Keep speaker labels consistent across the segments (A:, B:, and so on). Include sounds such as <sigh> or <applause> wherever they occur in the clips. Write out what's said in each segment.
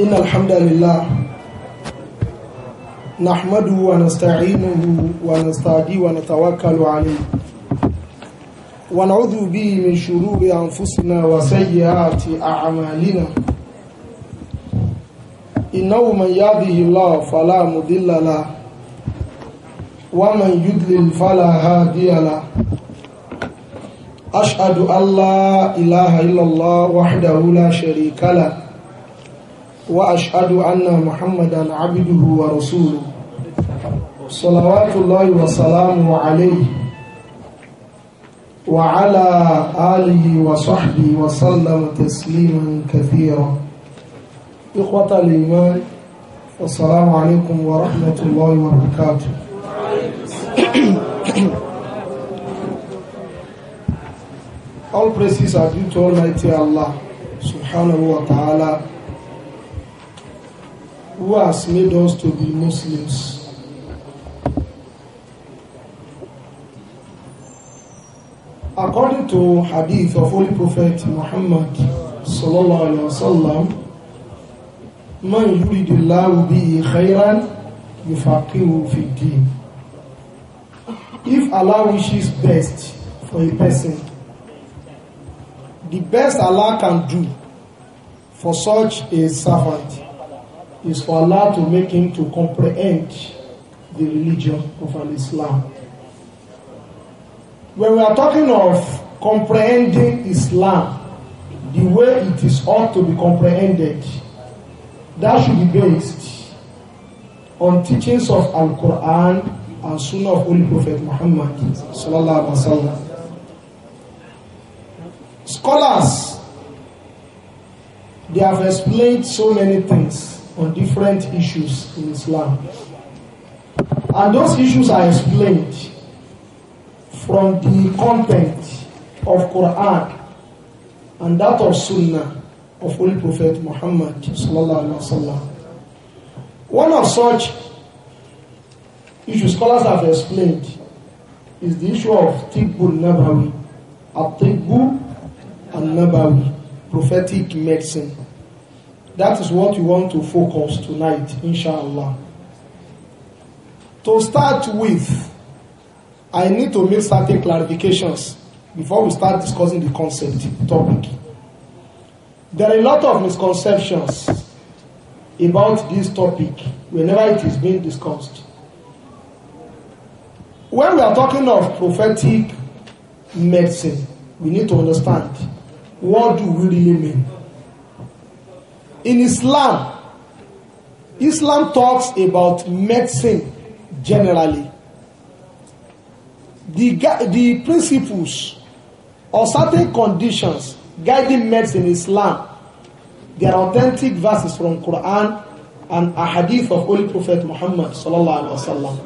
A: إن الحمد لله نحمده ونستعينه ونستهديه ونتوكل عليه ونعوذ به من شرور أنفسنا وسيئات أعمالنا إنه من يهده الله فلا مضل له ومن يضلل فلا هادي له أشهد أن لا إله إلا الله وحده لا شريك له وأشهد أن محمدا عبده ورسوله صلوات الله وسلامه عليه وعلى آله وصحبه وسلم تسليما كثيرا إخوة الإيمان السلام عليكم ورحمة الله وبركاته All praises are due to Almighty Allah subhanahu wa ta'ala who has made us to be Muslims. According to hadith of Holy Prophet Muhammad sallallahu alaihi wasallam, man yuridillahu bihi khairan yufaqihu fi din. If Allah wishes best for a person, the best Allah can do for such a servant is for Allah to make him to comprehend the religion of Al Islam. When we are talking of comprehending Islam, the way it is ought to be comprehended, that should be based on teachings of Al Quran and Sunnah of Holy Prophet Muhammad. Scholars, they have explained so many things on different issues in Islam. And those issues are explained from the content of Quran and that of Sunnah of Holy Prophet Muhammad One of such issues scholars have explained is the issue of Tibbul Nabawi, Atibu and Nabawi, prophetic medicine. That is what you want to focus tonight, inshallah. To start with, I need to make certain clarifications before we start discussing the concept topic. There are a lot of misconceptions about this topic whenever it is being discussed. When we are talking of prophetic medicine, we need to understand what do we really mean? In Islam, Islam talks about medicine generally. The, the principles or certain conditions guiding medicine in Islam, they are authentic verses from Quran and a hadith of Holy Prophet Muhammad sallallahu alaihi wasallam.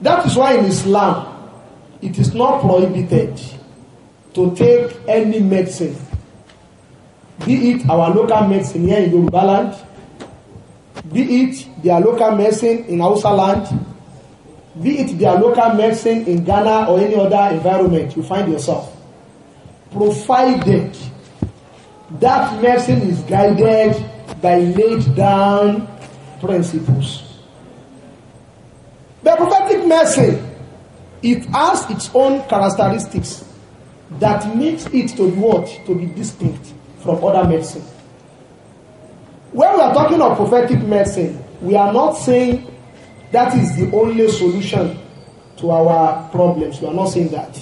A: That is why in Islam, it is not prohibited to take any medicine be it our local medicine here in Yoruba land, be it their local medicine in Hausa land, be it their local medicine in Ghana or any other environment you find yourself. Provided that medicine is guided by laid down principles. The prophetic medicine, it has its own characteristics that makes it to be what? To be distinct from other medicine. When we are talking of prophetic medicine, we are not saying that is the only solution to our problems. We are not saying that.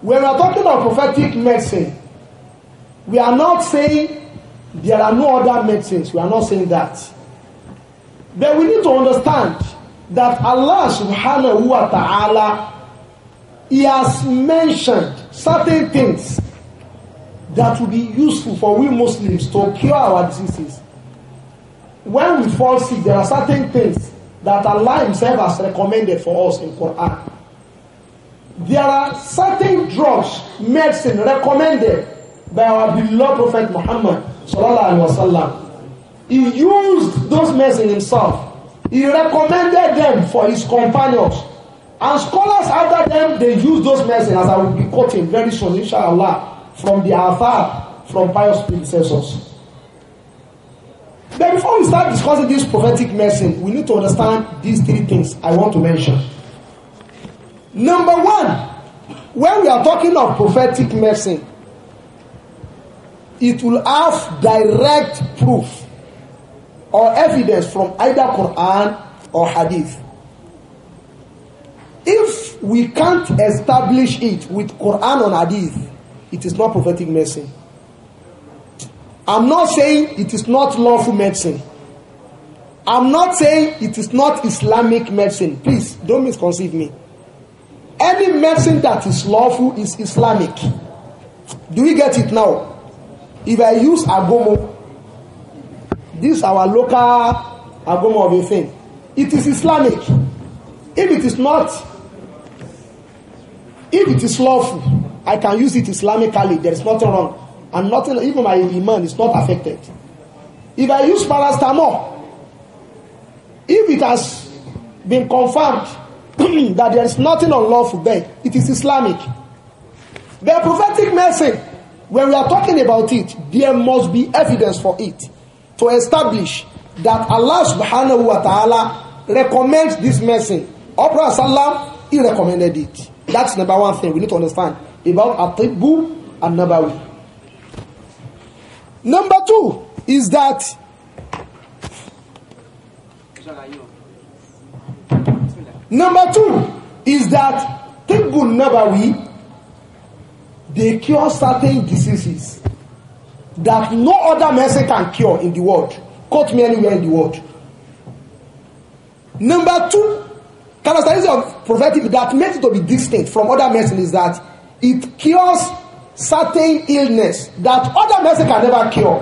A: When we are talking of prophetic medicine, we are not saying there are no other medicines. We are not saying that. But we need to understand that Allah subhanahu wa ta'ala, He has mentioned certain things that will be useful for we Muslims to cure our diseases. When we fall sick, there are certain things that Allah Himself has recommended for us in Quran. There are certain drugs, medicine recommended by our beloved Prophet Muhammad sallallahu alaihi wasallam. He used those medicine himself. He recommended them for his companions. And scholars after them, they use those medicine as I will be quoting very soon, inshallah from the Afar, from pious predecessors. But before we start discussing this prophetic message, we need to understand these three things I want to mention. Number one, when we are talking of prophetic message, it will have direct proof or evidence from either Quran or Hadith. If we can't establish it with Quran or Hadith, it is not prophetic medicine. I'm not saying it is not lawful medicine. I'm not saying it is not Islamic medicine. Please don't misconceive me. Any medicine that is lawful is Islamic. Do we get it now? If I use agomo, this our local agomo of a thing, it is Islamic. If it is not If it is lawful, I can use it Islamically. There is nothing wrong. And nothing, even my iman is not affected. If I use paracetamol, if it has been confirmed <clears throat> that there is nothing unlawful there, it is Islamic. The prophetic message, when we are talking about it, there must be evidence for it to establish that Allah subhanahu wa ta'ala recommends this message. Prophet Salam, he recommended it. That's number one thing we need to understand about Atibu and Nabawi. Number two is that Number two is that Tibbul Nabawi they cure certain diseases that no other medicine can cure in the world. Quote me anywhere in the world. Number two Characteristics of prophetic that makes it to be distinct from other medicine is that it cures certain illness that other medicine can never cure.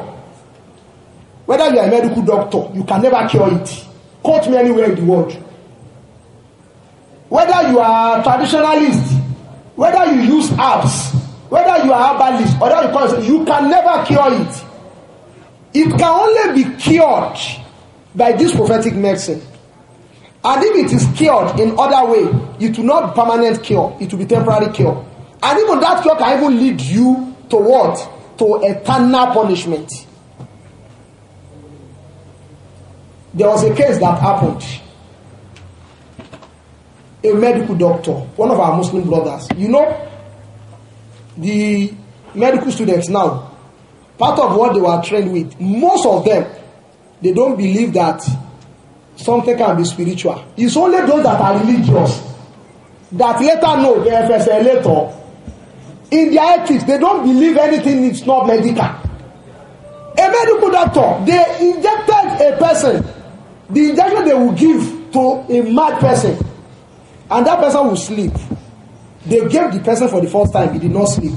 A: Whether you are a medical doctor, you can never cure it. Quote me anywhere in the world. Whether you are a traditionalist, whether you use herbs, whether you are herbalist, or whether you call yourself, you can never cure it. It can only be cured by this prophetic medicine. And if it is cured in other way, it will not permanent cure, it will be temporary cure. And even that cure can even lead you to what? To eternal punishment. There was a case that happened. A medical doctor, one of our Muslim brothers, you know, the medical students now, part of what they were trained with, most of them, they don't believe that something can be spiritual it's only those that are religious that later know they fẹsẹ̀ later in their ethics they don't believe anything is not medical a medical doctor they injected a person the injection they will give to a mad person and that person will sleep they gave the person for the first time he did not sleep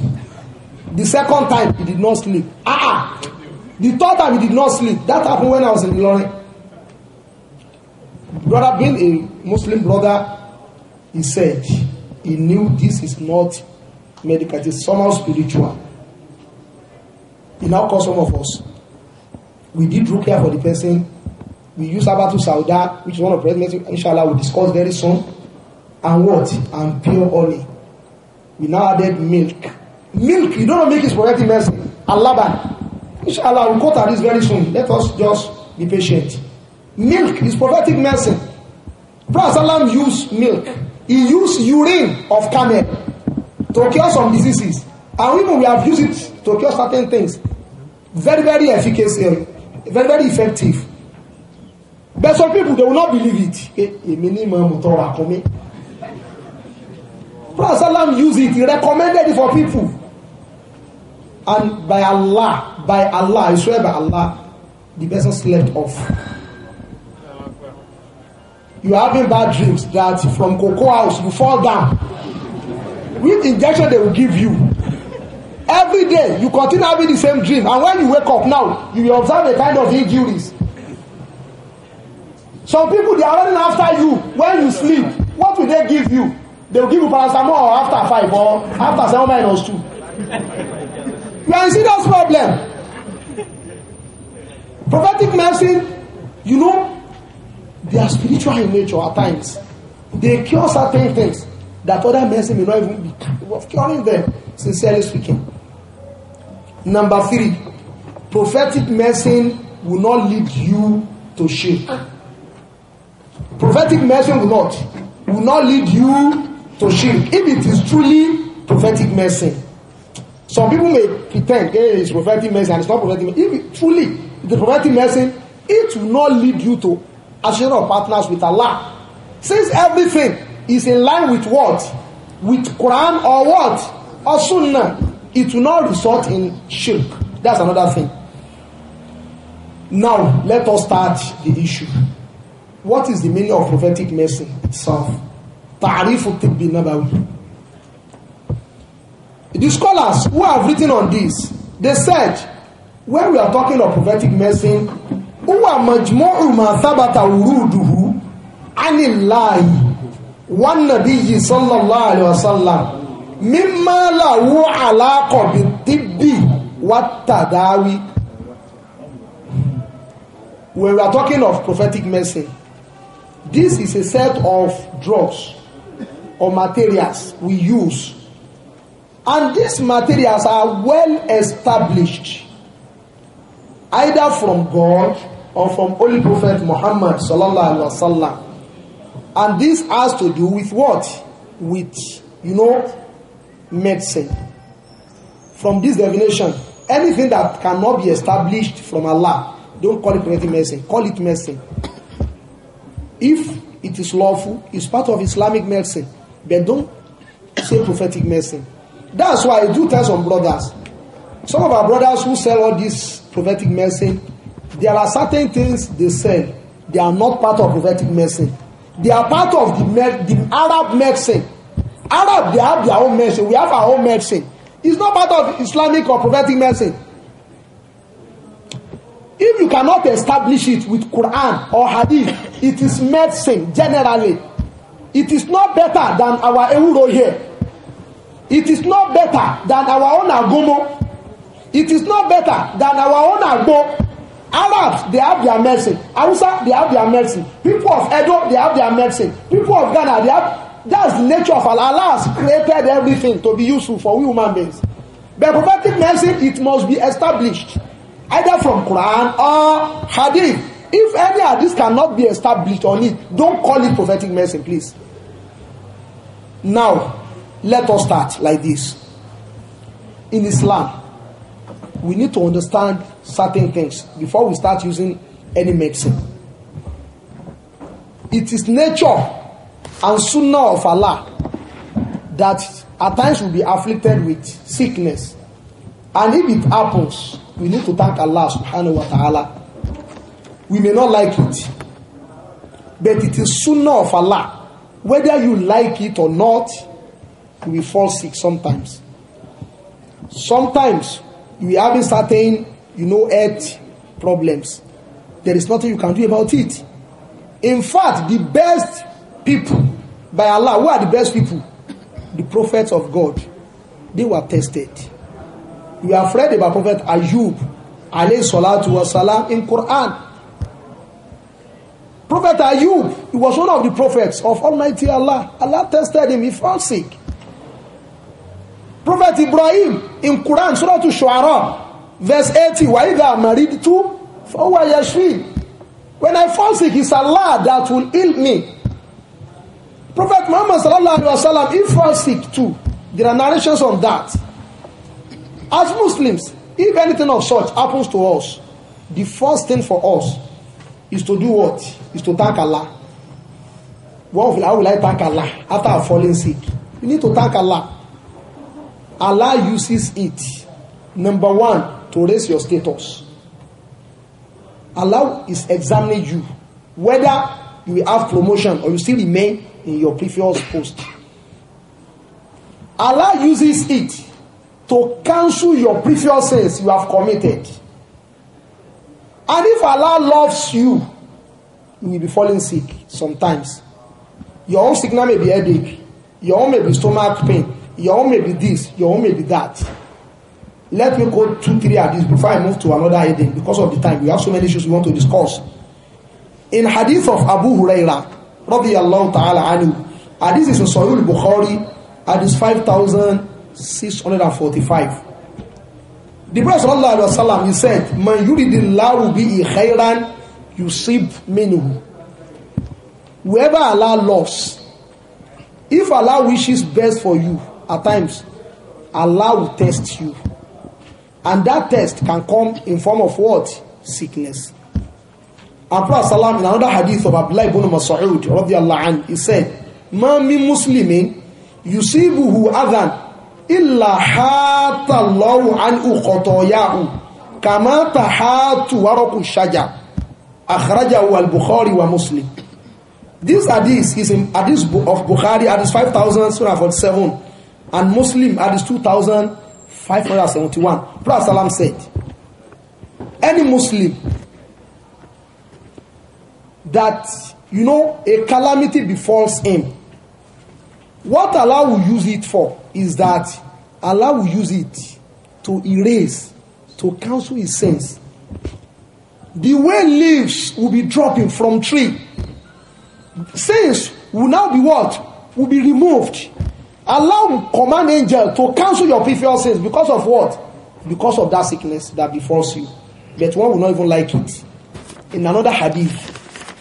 A: the second time he did not sleep ah ah the third time he did not sleep that happened when i was in Ilorin Brother, being a Muslim brother, he said he knew this is not medical, it's somehow spiritual. He now calls some of us. We did care for the person. We use Abatu Sauda, which is one of the presidents, inshallah, we'll discuss very soon. And what? And pure honey. We now added milk. Milk, you don't make it correct medicine. Allah, inshallah, we'll go to this very soon. Let us just be patient. Milk is prophetic medicine. Prophet Salam used milk. He used urine of camel to cure some diseases. And even we have used it to cure certain things. Very, very efficacious, very, very effective. But some people, they will not believe it. Prophet Salam used it. He recommended it for people. And by Allah, by Allah, I swear by Allah, the person slept off you're having bad dreams that from cocoa house you fall down with injection they will give you every day you continue having the same dream and when you wake up now you will observe the kind of injuries some people they are running after you when you sleep what will they give you they will give you paracetamol after five or after seven minus two you are in serious problem prophetic medicine you know They are spiritual in nature at times. They cure certain things that other medicine may not even be capable of curing them, sincerely speaking. Number three, prophetic medicine will not lead you to shame. Prophetic medicine will not will not lead you to shame if it is truly prophetic medicine. Some people may pretend hey, it's prophetic medicine and it's not prophetic medicine. If it, truly the prophetic medicine, it will not lead you to association of partners with Allah. Since everything is in line with what? With Quran or what? Or Sunnah. It will not result in shirk. That's another thing. Now, let us start the issue. What is the meaning of prophetic mercy itself? Ta'rifu tibbi nabawi. The scholars who have written on this, they said, when we are talking of prophetic mercy, huwa majmu'u ma thabata wuruduhu anillahi wan nabiyyi sallallahu alaihi wasallam mimma lahu alaqa bit-tibbi wat-tadawi when we are talking of prophetic message this is a set of drugs or materials we use and these materials are well established either from God or from Holy Prophet Muhammad sallallahu alaihi wasallam. And this has to do with what? With, you know, medicine. From this definition, anything that cannot be established from Allah, don't call it preventive medicine, call it medicine. If it is lawful, it's part of Islamic medicine, but don't say prophetic medicine. That's why I do tell some brothers. Some of our brothers who sell all this prophetic medicine, There are certain things they sell. They are not part of prophetic medicine. They are part of the, the Arab medicine. Arab, they have their own medicine. We have our own medicine. It's not part of Islamic or prophetic medicine. If you cannot establish it with Quran or Hadith, it is medicine generally. It is not better than our Ewuro here. It is not better than our own Agomo. It is not better than our own Agbo. Arabs, they have their medicine. Hausa, they have their medicine. People of Edo, they have their medicine. People of Ghana, they have. That's the nature of Allah. Allah has created everything to be useful for human beings. The prophetic medicine, it must be established either from Quran or Hadith. If any hadith cannot be established on it, don't call it prophetic medicine, please. Now, let us start like this. In Islam, we need to understand certain things before we start using any medicine. It is nature and sunnah of Allah that at times we'll be afflicted with sickness. And if it happens, we need to thank Allah subhanahu wa ta'ala. We may not like it, but it is sunnah of Allah. Whether you like it or not, we fall sick sometimes. Sometimes We are having certain, you know, health problems. There is nothing you can do about it. In fact, the best people, by Allah, who are the best people? The prophets of God. They were tested. We are afraid about Prophet Ayub, alayhi salatu wasalam, in Quran. Prophet Ayub, he was one of the prophets of Almighty Allah. Allah tested him, he fell sick prophet ibrahim in quran suratu shu'ara verse 80 wa idha maritu fa huwa yashfi when i fall sick it's allah that will heal me prophet muhammad sallallahu alaihi wasallam he fall sick too there are narrations on that as muslims if anything of such happens to us the first thing for us is to do what is to thank allah How will i thank allah after i've fallen sick you need to thank allah Allah uses it, number one, to raise your status. Allah is examining you whether you have promotion or you still remain in your previous post. Allah uses it to cancel your previous sins you have committed. And if Allah loves you, you will be falling sick sometimes. Your own sickness may be headache, your own may be stomach pain, your own may be this your own may be that let me go two three this before I move to another heading because of the time we have so many issues we want to discuss in hadith of Abu Huraira radiyallahu ta'ala anhu hadith is in Sahih Bukhari hadith 5645 the Prophet sallallahu alaihi wasallam he said man yuridillahu bihi khairan yusib minhu whoever Allah loves if Allah wishes best for you at times Allah will test you. And that test can come in form of what? Sickness. And Prophet Salam in another hadith of Abdullah ibn Mas'ud radiallahu anhu, he said, Ma min muslimin yusibuhu adhan illa hatallahu anhu khotoyahu kama tahatu waraku shaja akhrajahu al-Bukhari wa Muslim. This hadith is in hadith of Bukhari, hadith surah 5047. And Muslim is 2571. Prophet said, any Muslim that, you know, a calamity befalls him, what Allah will use it for is that Allah will use it to erase, to cancel his sins. The way leaves will be dropping from tree, sins will now be what? Will be removed. Allow command angel to cancel your previous sins because of what? Because of that sickness that befalls you. But one will not even like it. In another hadith,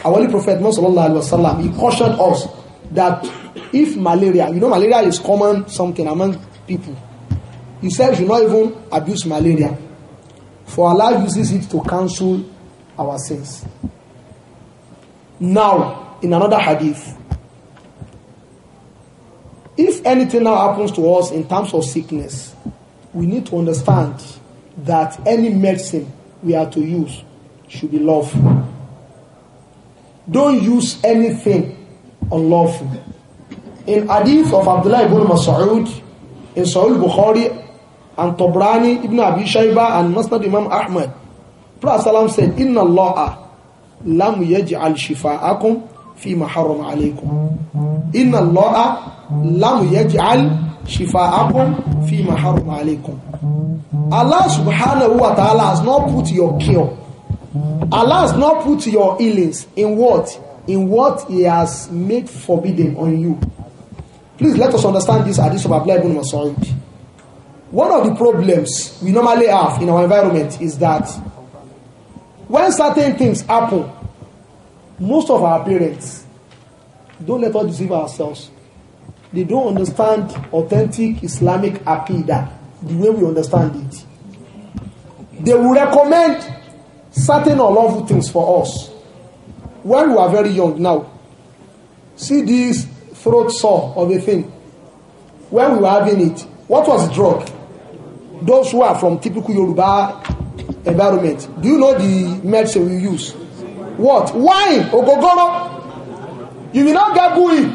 A: our holy prophet Muhammad wasallam, he cautioned us that if malaria, you know malaria is common something among people. He said you should not even abuse malaria. For Allah uses it to cancel our sins. Now, in another hadith, If anything now happens to us in terms of sickness, we need to understand that any medicine we are to use should be lawful. Don't use anything unlawful. In hadith of Abdullah ibn Mas'ud, in Sahih Bukhari, and Tobrani, Ibn Abi Shayba and Masnad Imam Ahmad, Prophet said, Inna Allah lam yaj'al shifa'akum fima harrama alaykum inna allaha lam yaj'al shifa'akum fima harrama alaykum allah subhanahu wa ta'ala has not put your cure allah has not put your healings in what in what he has made forbidden on you please let us understand this hadith of Abdullah ibn Mas'ud one of the problems we normally have in our environment is that when certain things happen most of our parents don't let us deceive ourselves they don't understand authentic Islamic aqidah the way we understand it they will recommend certain unlawful things for us when we are very young now see this throat sore of a thing when we were having it what was the drug those who are from typical Yoruba environment do you know the medicine we use what wine Ogogoro? you will not gargle it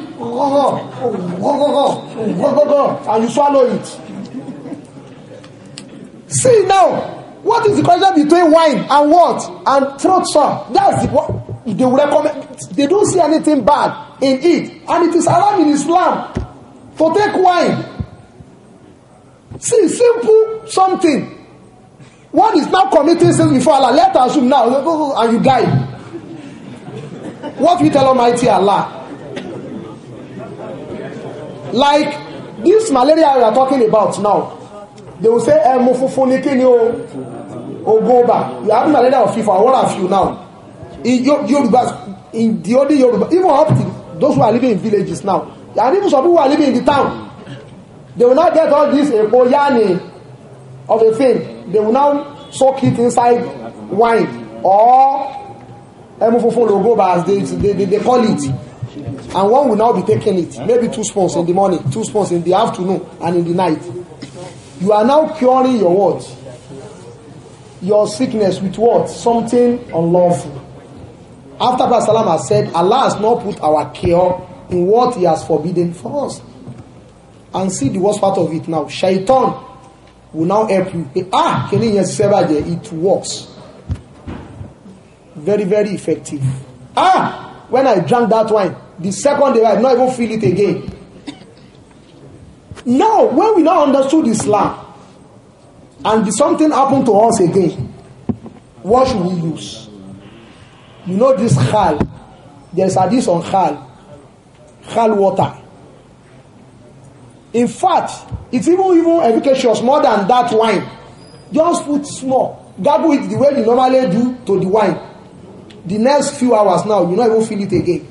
A: and you swallow it see now what is the question between wine and what and throat sore that's the what they recommend they don't see anything bad in it and it is allowed in Islam to take wine see simple something one is now committing sins before Allah let us assume now and you die What we tell Almighty Allah? Like this malaria we are talking about now, they will say, eh, back." you have malaria or FIFA, what have you now? In Yoruba, in the only Yoruba, even up to those who are living in villages now, and even some people who are living in the town, they will not get all this Ekoyani of a thing. They will now soak it inside wine or Emufofo logo, but as they, they, they, call it. And one will now be taking it. Maybe two spoons in the morning, two spoons in the afternoon, and in the night. You are now curing your what? Your sickness with what? Something unlawful.
B: After Prophet
A: has said, Allah has not put our cure in what He has forbidden for us. And see the worst part of it now. Shaitan will now help you. Ah, can you hear It works very very effective ah when i drank that wine the second day i did not even feel it again now when we now understood islam and something happened to us again what should we use you know this khal there's a this on khal khal water in fact it's even even efficacious more than that wine just put small gargle it the way you normally do to the wine the next few hours now you not even feel it again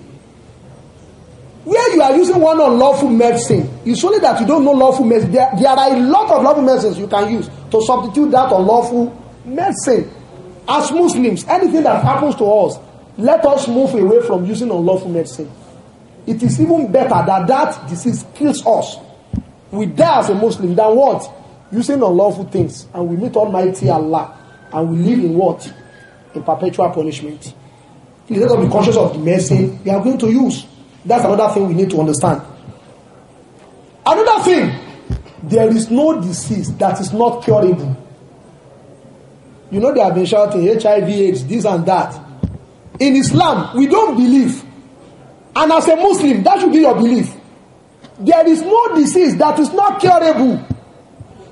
A: where you are using one unlawful medicine it's only that you don't know lawful medicine there, there are a lot of lawful medicines you can use to substitute that unlawful medicine as muslims anything that happens to us let us move away from using unlawful medicine it is even better that that disease kills us we die as a muslim than what using unlawful things and we meet almighty allah and we live in what in perpetual punishment instead of be conscious of the mercy we are going to use. That's another thing we need to understand. Another thing, there is no disease that is not curable. You know, they have been shouting HIV, AIDS, this and that. In Islam, we don't believe. And as a Muslim, that should be your belief. There is no disease that is not curable.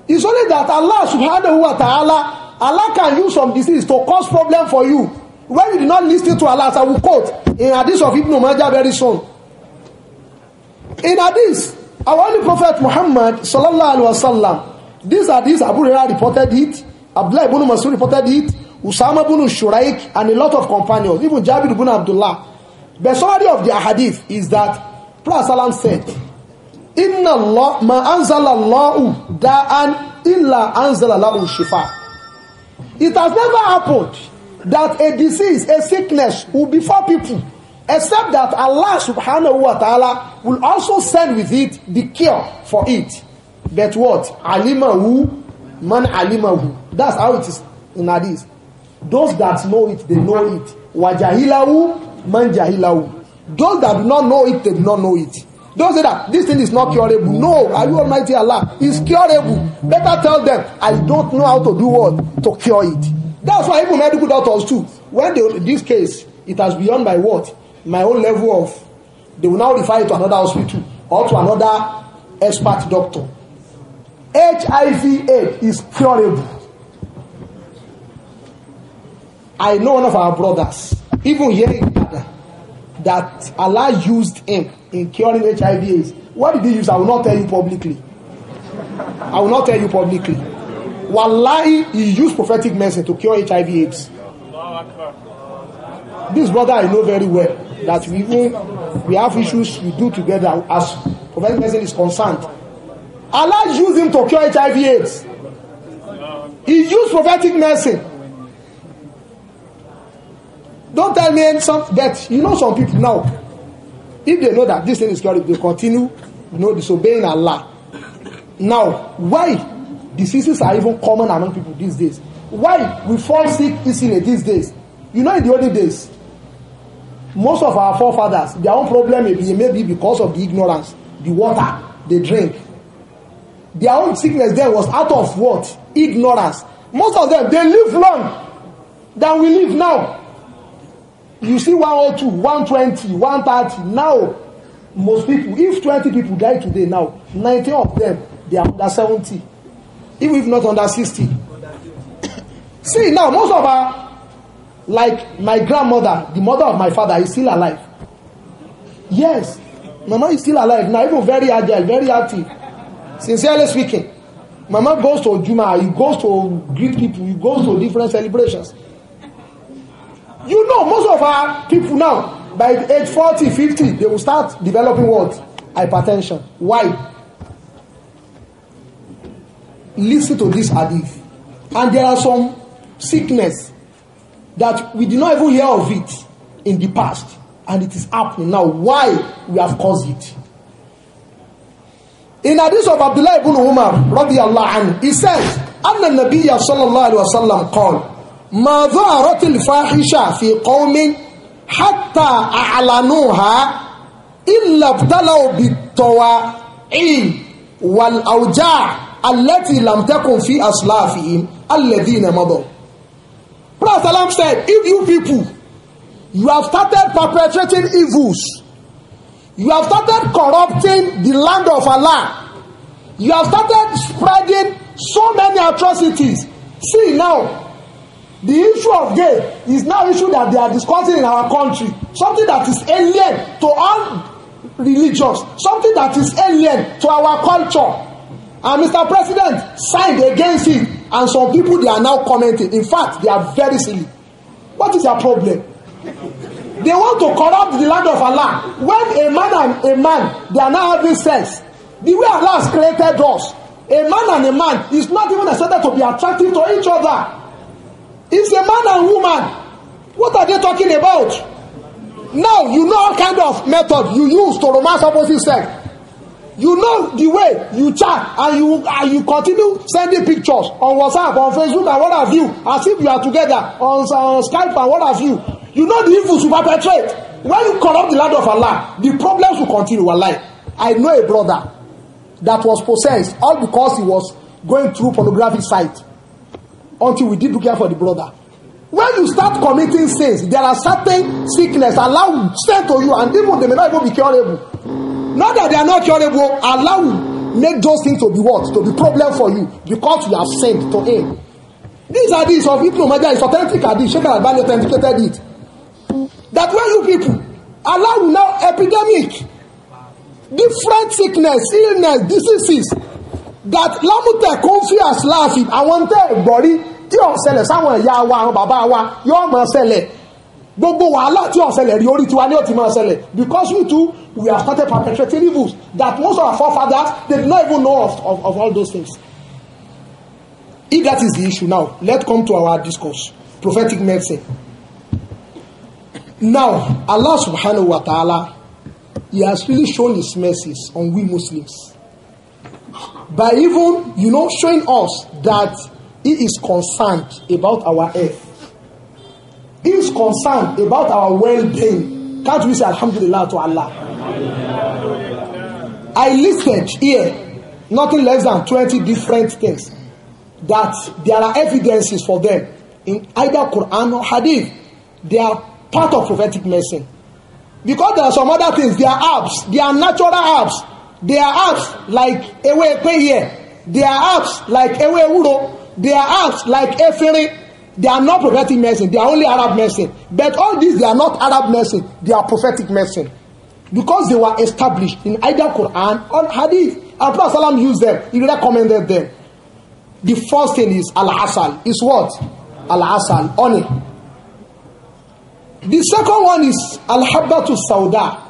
A: It's only that Allah subhanahu wa ta'ala, Allah can use some disease to cause problem for you When you did not listen to Allah, I will quote in hadith of Ibn Majah very soon. In hadith, our only Prophet Muhammad sallallahu alaihi wasallam, this hadith Abu Hurairah reported it, Abdullah ibn Masud reported it, Usama ibn Shuraik, and a lot of companions, even Jabir ibn Abdullah. The summary of the hadith is that Prophet said, Inna Allah ma anzala Allahu da'an illa anzala lahu shifa. It has never happened that a disease, a sickness will befall people, except that Allah subhanahu wa ta'ala will also send with it the cure for it. But what? Alimahu, man alimahu. That's how it is in Hadith. Those that know it, they know it. Wajahilahu, man jahilahu. Those that do not know it, they do not know it. Don't say that this thing is not curable. No, are you Almighty Allah? It's curable. Better tell them, I don't know how to do what? To cure it. That's why even medical doctors too, when they, this case, it has beyond my what? My own level of, they will now refer it to another hospital or to another expert doctor. HIV AIDS is curable. I know one of our brothers, even here in Canada, that Allah used him in curing HIV AIDS. What did he use? I will not tell you publicly. I will not tell you publicly. Wallahi, he used prophetic medicine to cure HIV AIDS. This brother I know very well that we even we have issues we do together as prophetic medicine is concerned. Allah used him to cure HIV AIDS. He used prophetic medicine. Don't tell me some that you know some people now. If they know that this thing is cured, they continue, you know, disobeying Allah. Now, why Diseases are even common among people these days. Why we fall sick easily these days? You know, in the olden days, most of our forefathers, their own problem may be, may be because of the ignorance, the water they drink. Their own sickness then was out of what? Ignorance. Most of them, they live long than we live now. You see 102, 120, 130. Now, most people, if 20 people die today now, 19 of them, they are under 70 even if not under 60. <coughs> See, now, most of our, like my grandmother, the mother of my father, is still alive. Yes, Mama is still alive now, even very agile, very active. Sincerely speaking, Mama goes to Juma, he goes to greet people, he goes to different celebrations. You know, most of our people now, by age 40, 50, they will start developing what? Hypertension. Why? listen to this hadith. And there are some sickness that we did not even hear of it in the past. And it is happening now. Why we have caused it? In hadith of Abdullah ibn Umar, radiallahu anhu, he says, أن النبي صلى الله عليه وسلم قال ما ظهرت الفاحشة في قوم حتى أعلنوها إلا ابتلوا بالطواعين والأوجاع التي لم تكن في أسلافهم الذين مضوا Prophet Salam said, if you people, you have started perpetrating evils, you have started corrupting the land of Allah, you have started spreading so many atrocities. See now, the issue of gay is now issue that they are discussing in our country, something that is alien to all religious, something that is alien to our culture and Mr. President signed against it and some people they are now commenting in fact they are very silly what is their problem they want to corrupt the land of Allah when a man and a man they are now having sex the way Allah has created us a man and a man is not even accepted to be attractive to each other it's a man and woman what are they talking about now you know all kind of method you use to romance opposite sex you know the way you chat and you and you continue sending pictures on whatsapp on facebook and what have you as if you are together on, on skype and what have you you know the evils you perpetrate when you corrupt the land of allah the problems will continue wallahi i know a brother that was possessed all because he was going through pornography site until we did look out for the brother when you start committing sins there are certain sickness allowed sent to you and even they may not even be curable Not that they are not curable. Allah will make those things to be what? To be problem for you because you have sinned to him. These are these of Ibn Majah is authentic hadith. Sheikh Al-Albani authenticated it. That when you people, Allah will now epidemic, different sickness, illness, diseases, that lámùtẹ̀ kún fi àṣìláàfin àwọn tẹ́ ẹ̀gbọ́rí tí ò ṣẹlẹ̀ sáwọn ìyá wa àwọn bàbá wa yóò máa ṣẹlẹ̀ gbogbo wàhálà tí ó ń ṣẹlẹ̀ rí orí tiwa ni ó ti máa ṣẹlẹ̀ because we too we have started perpetrating evils that most of our forefathers they did not even know of, of, of all those things. If that is the issue now, let's come to our discourse. Prophetic medicine. Now, Allah subhanahu wa ta'ala, He has really shown His mercies on we Muslims. By even, you know, showing us that He is concerned about our earth. is concerned about our well-being, can't we say Alhamdulillah to Allah? I listed here nothing less than twenty different things that there are evidences for them in either Quran or Hadith. They are part of prophetic medicine. Because there are some other things, they are herbs. they are natural herbs. they are herbs like Ewe here. they are herbs like Ewe Uro, they are herbs like Efere, They are not prophetic medicine, they are only Arab medicine. But all these, they are not Arab medicine, they are prophetic medicine. Because they were established in either Quran or Hadith. And Prophet used them, he recommended them. The first thing is Al Asal. Is what? Al Asal, honey. The second one is Al Habatu Sauda.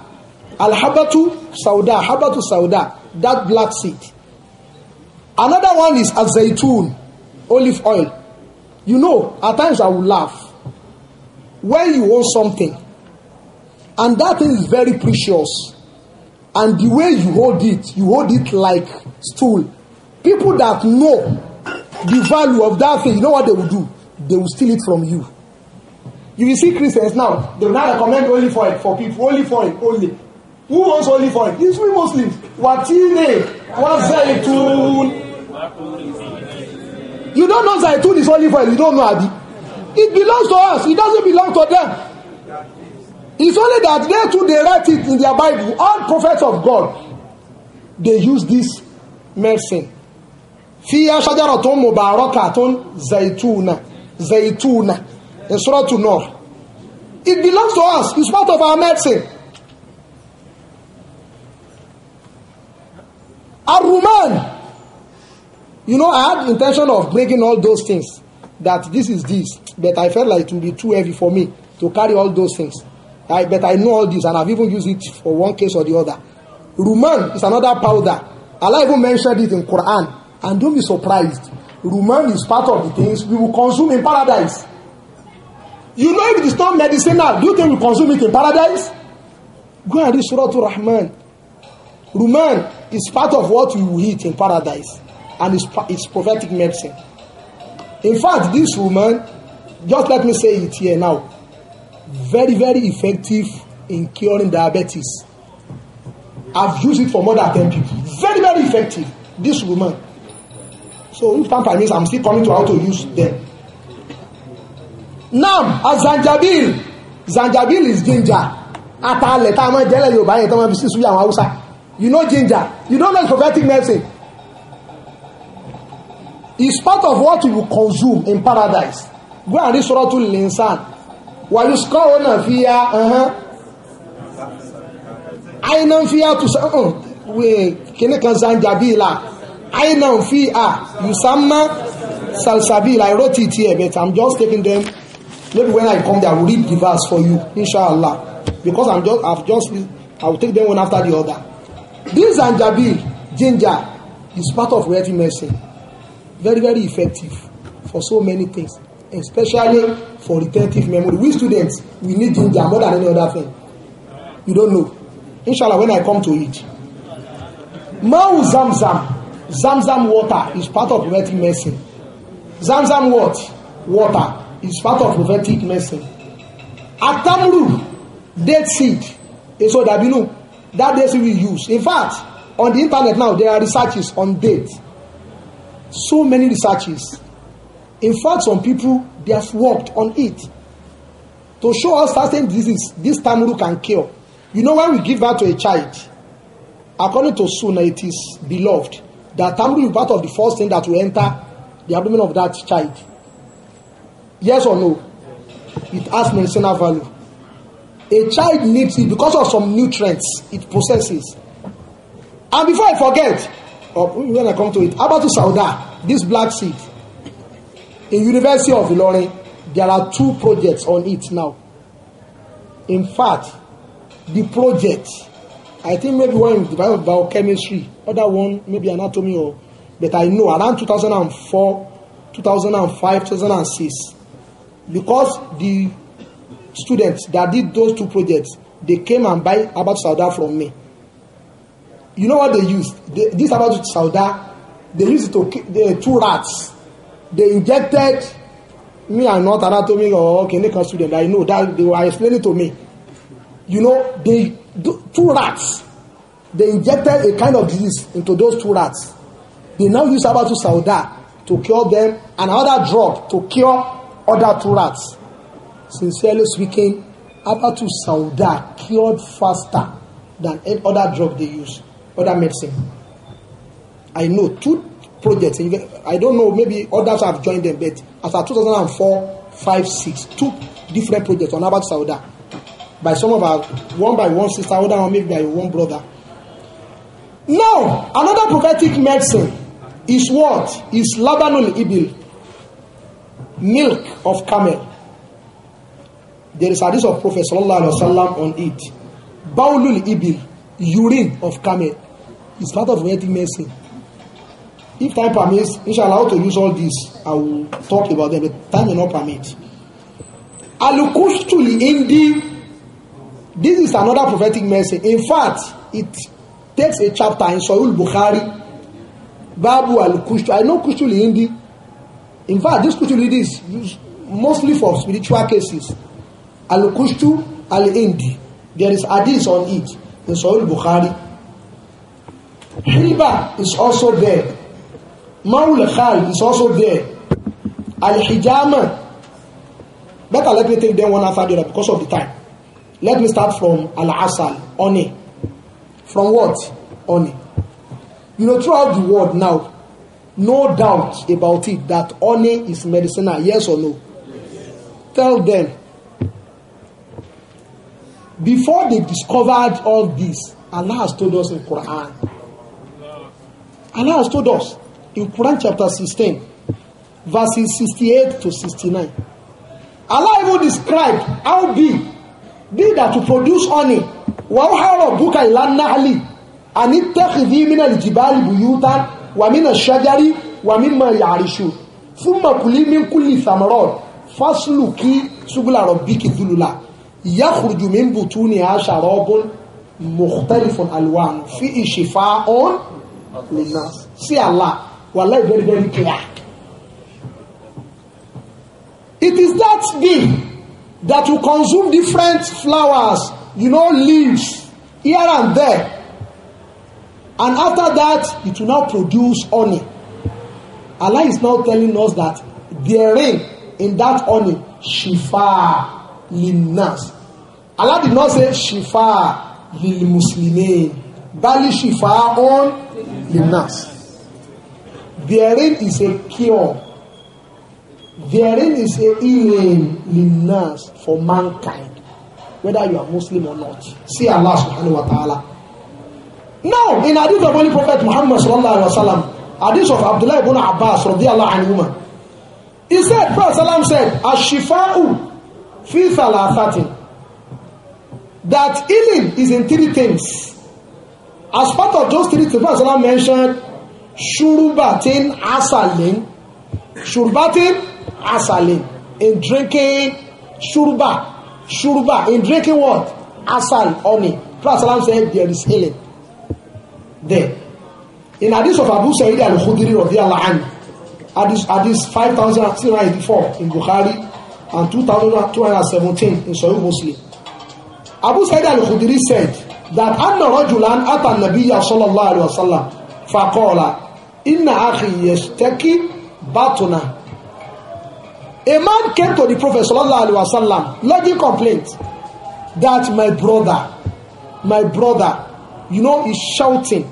A: Al Habatu Sauda, Habatu Sauda, that black seed. Another one is Al olive oil. You know, at times I will laugh when you own something, and that thing is very precious, and the way you hold it, you hold it like stool. People that know the value of that thing, you know what they will do? They will steal it from you. You will see Christians now, they will not recommend holy foil for people, only for it, only. Who wants only for it? It's we Muslims. Watine, wazaytun. You don't know Zaitun is holy oil. You don't know Abi. It belongs to us. It doesn't belong to them. It's only that they too they write it in their Bible. All prophets of God, they use this medicine. فيها شجرة مباركة زيتونة زيتونة in zaituna, to Nur. It belongs to us. It's part of our medicine. Ar-Ruman You know, I had intention of breaking all those things. That this is this, but I felt like it would be too heavy for me to carry all those things. I, but I know all this, and I've even used it for one case or the other. Ruman is another powder. Allah even mentioned it in Quran. And don't be surprised. Ruman is part of the things we will consume in paradise. You know if it is not medicinal, do you think we consume it in paradise? Go and read Surah Rahman. Ruman is part of what we will eat in paradise and it's, it's prophetic medicine. In fact, this woman, just let me say it here now, very, very effective in curing diabetes. I've used it for more than 10 people. Very, very effective. This woman. So, if I'm means I'm still coming to how to use them. Now, a Zanjabil, Zanjabil is ginger. Atalẹ̀ tá a máa jẹ́lẹ̀ Yorùbá You know ginger. You don't know prophetic medicine. It's part of what you will consume in paradise. Go and read Surah to Linsan. Wa yusqawna fiha ẹ̀hán. Uh-huh. Àìnà fiha tù sẹ́hùn kìíní kan zanjabila. Àìnà fiha yusamma salsabila. I wrote it here but I'm just taking them. Maybe when I come there I will read the verse for you inshallah because I'm just I've just I will take them one after the other. This zanjabil ginger is part of healthy medicine very very effective for so many things especially for retentive memory we students we need ginger more than any other thing you don't know inshallah when i come to it mau zamzam zamzam water is part of prophetic medicine zamzam what water is part of prophetic medicine atamru date seed eso dabinu that date seed we use in fact on the internet now there are researches on dates so many researches. In fact, some people they have worked on it to show us certain diseases this tamuru can cure. You know, when we give that to a child, according to Sunnah, it is beloved that tamuru is part of the first thing that will enter the abdomen of that child. Yes or no? It has medicinal value. A child needs it because of some nutrients it possesses. And before I forget, or when I come to it, Abatu Sauda, this black seed, in University of Ilorin, there are two projects on it now. In fact, the project, I think maybe one is biochemistry, other one maybe anatomy or, but I know around 2004, 2005, 2006, because the students that did those two projects, they came and buy about Sauda from me You know what they used? They, this about Sauda, they used it to the two rats. They injected me and not anatomy or oh, clinical okay, student. I know that they were explaining to me. You know, they do, two rats. They injected a kind of disease into those two rats. They now use about Sauda to cure them and another drug to cure other two rats. Sincerely speaking, Abatu Sauda cured faster than any other drug they use other medicine. I know two projects. I don't know, maybe others have joined them, but as of 2004, 5, 6, two different projects on about Sauda by some of our one by one sister, other one maybe by one brother. Now, another prophetic medicine is what? Is Labanul Ibil, milk of camel. There is a hadith of Prophet Sallallahu Alaihi Wasallam on it. Baulul Ibil, urine of camel. It's part of native medicine. If time permits, inshallah, how to use all this, I will talk about them, but time will not permit. Alukushtu indi. This is another prophetic message. In fact, it takes a chapter in Sahih Bukhari. Babu al-Kushtu. I know Kushtu indi. In fact, this Kushtu indi is used mostly for spiritual cases. Al-Kushtu al-Indi. There is hadith on it in Sahih Bukhari. Riba is also there. Maul Khal is also there. Al Hijama. Better let me take them one after the other because of the time. Let me start from Al Asal, Oni. From what? Oni. You know, throughout the world now, no doubt about it that Oni is medicinal, yes or no? Yes. Tell them. Before they discovered all this, Allah has told us in Quran Allah has told us in Quran chapter 16, verses 68 to 69. Allah even described how big be that to produce honey. وَوْحَى رَبُّكَ إِلَى النَّحْلِ أَنِ اتَّخِذِي مِنَ الْجِبَالِ بُيُوتًا وَمِنَ الشَّجَرِ وَمِمَّا يَعْرِشُونَ ثُمَّ كُلِي مِنْ كُلِّ ثَمَرَاتٍ فَاسْلُكِي سُبُلَ رَبِّكِ ذُلُلًا يَخْرُجُ مِنْ بُطُونِهَا شَرَابٌ مُخْتَلِفٌ أَلْوَانُهُ فِيهِ شِفَاءٌ linnas see Allah wallahi very very clear it is that bee that will consume different flowers you know leaves here and there and after that it will now produce honey Allah is now telling us that therein in that honey shifa linnas Allah did not say shifa lil muslimin bali shifa on linas. Therein is a cure. Therein is a healing linas for mankind, whether you are Muslim or not. See Allah subhanahu wa ta'ala. Now, in hadith of Holy Prophet Muhammad sallallahu alaihi wasallam, hadith of Abdullah ibn Abbas radiyallahu anhu, he said, Prophet sallam said, "Ashifa'u fi thalathatin." That healing is in three things. As part of those three, the Prophet mentioned shurubatin asalin, shurubatin asalin, in drinking shuruba, shuruba, in drinking what? Asal, honey. Prophet said there is healing there. In hadith of Abu Sa'id al-Khudri radiyallahu anhu, hadith, hadith 5,394 in Bukhari and 2,217 in Sahih Muslim. Abu Sayyid al-Khudri said, that anna rajulan ata nabiyya sallallahu alaihi wasallam faqala inna akhi yashtaki batuna a man came to the prophet sallallahu alaihi wasallam lodging complaint that my brother my brother you know is shouting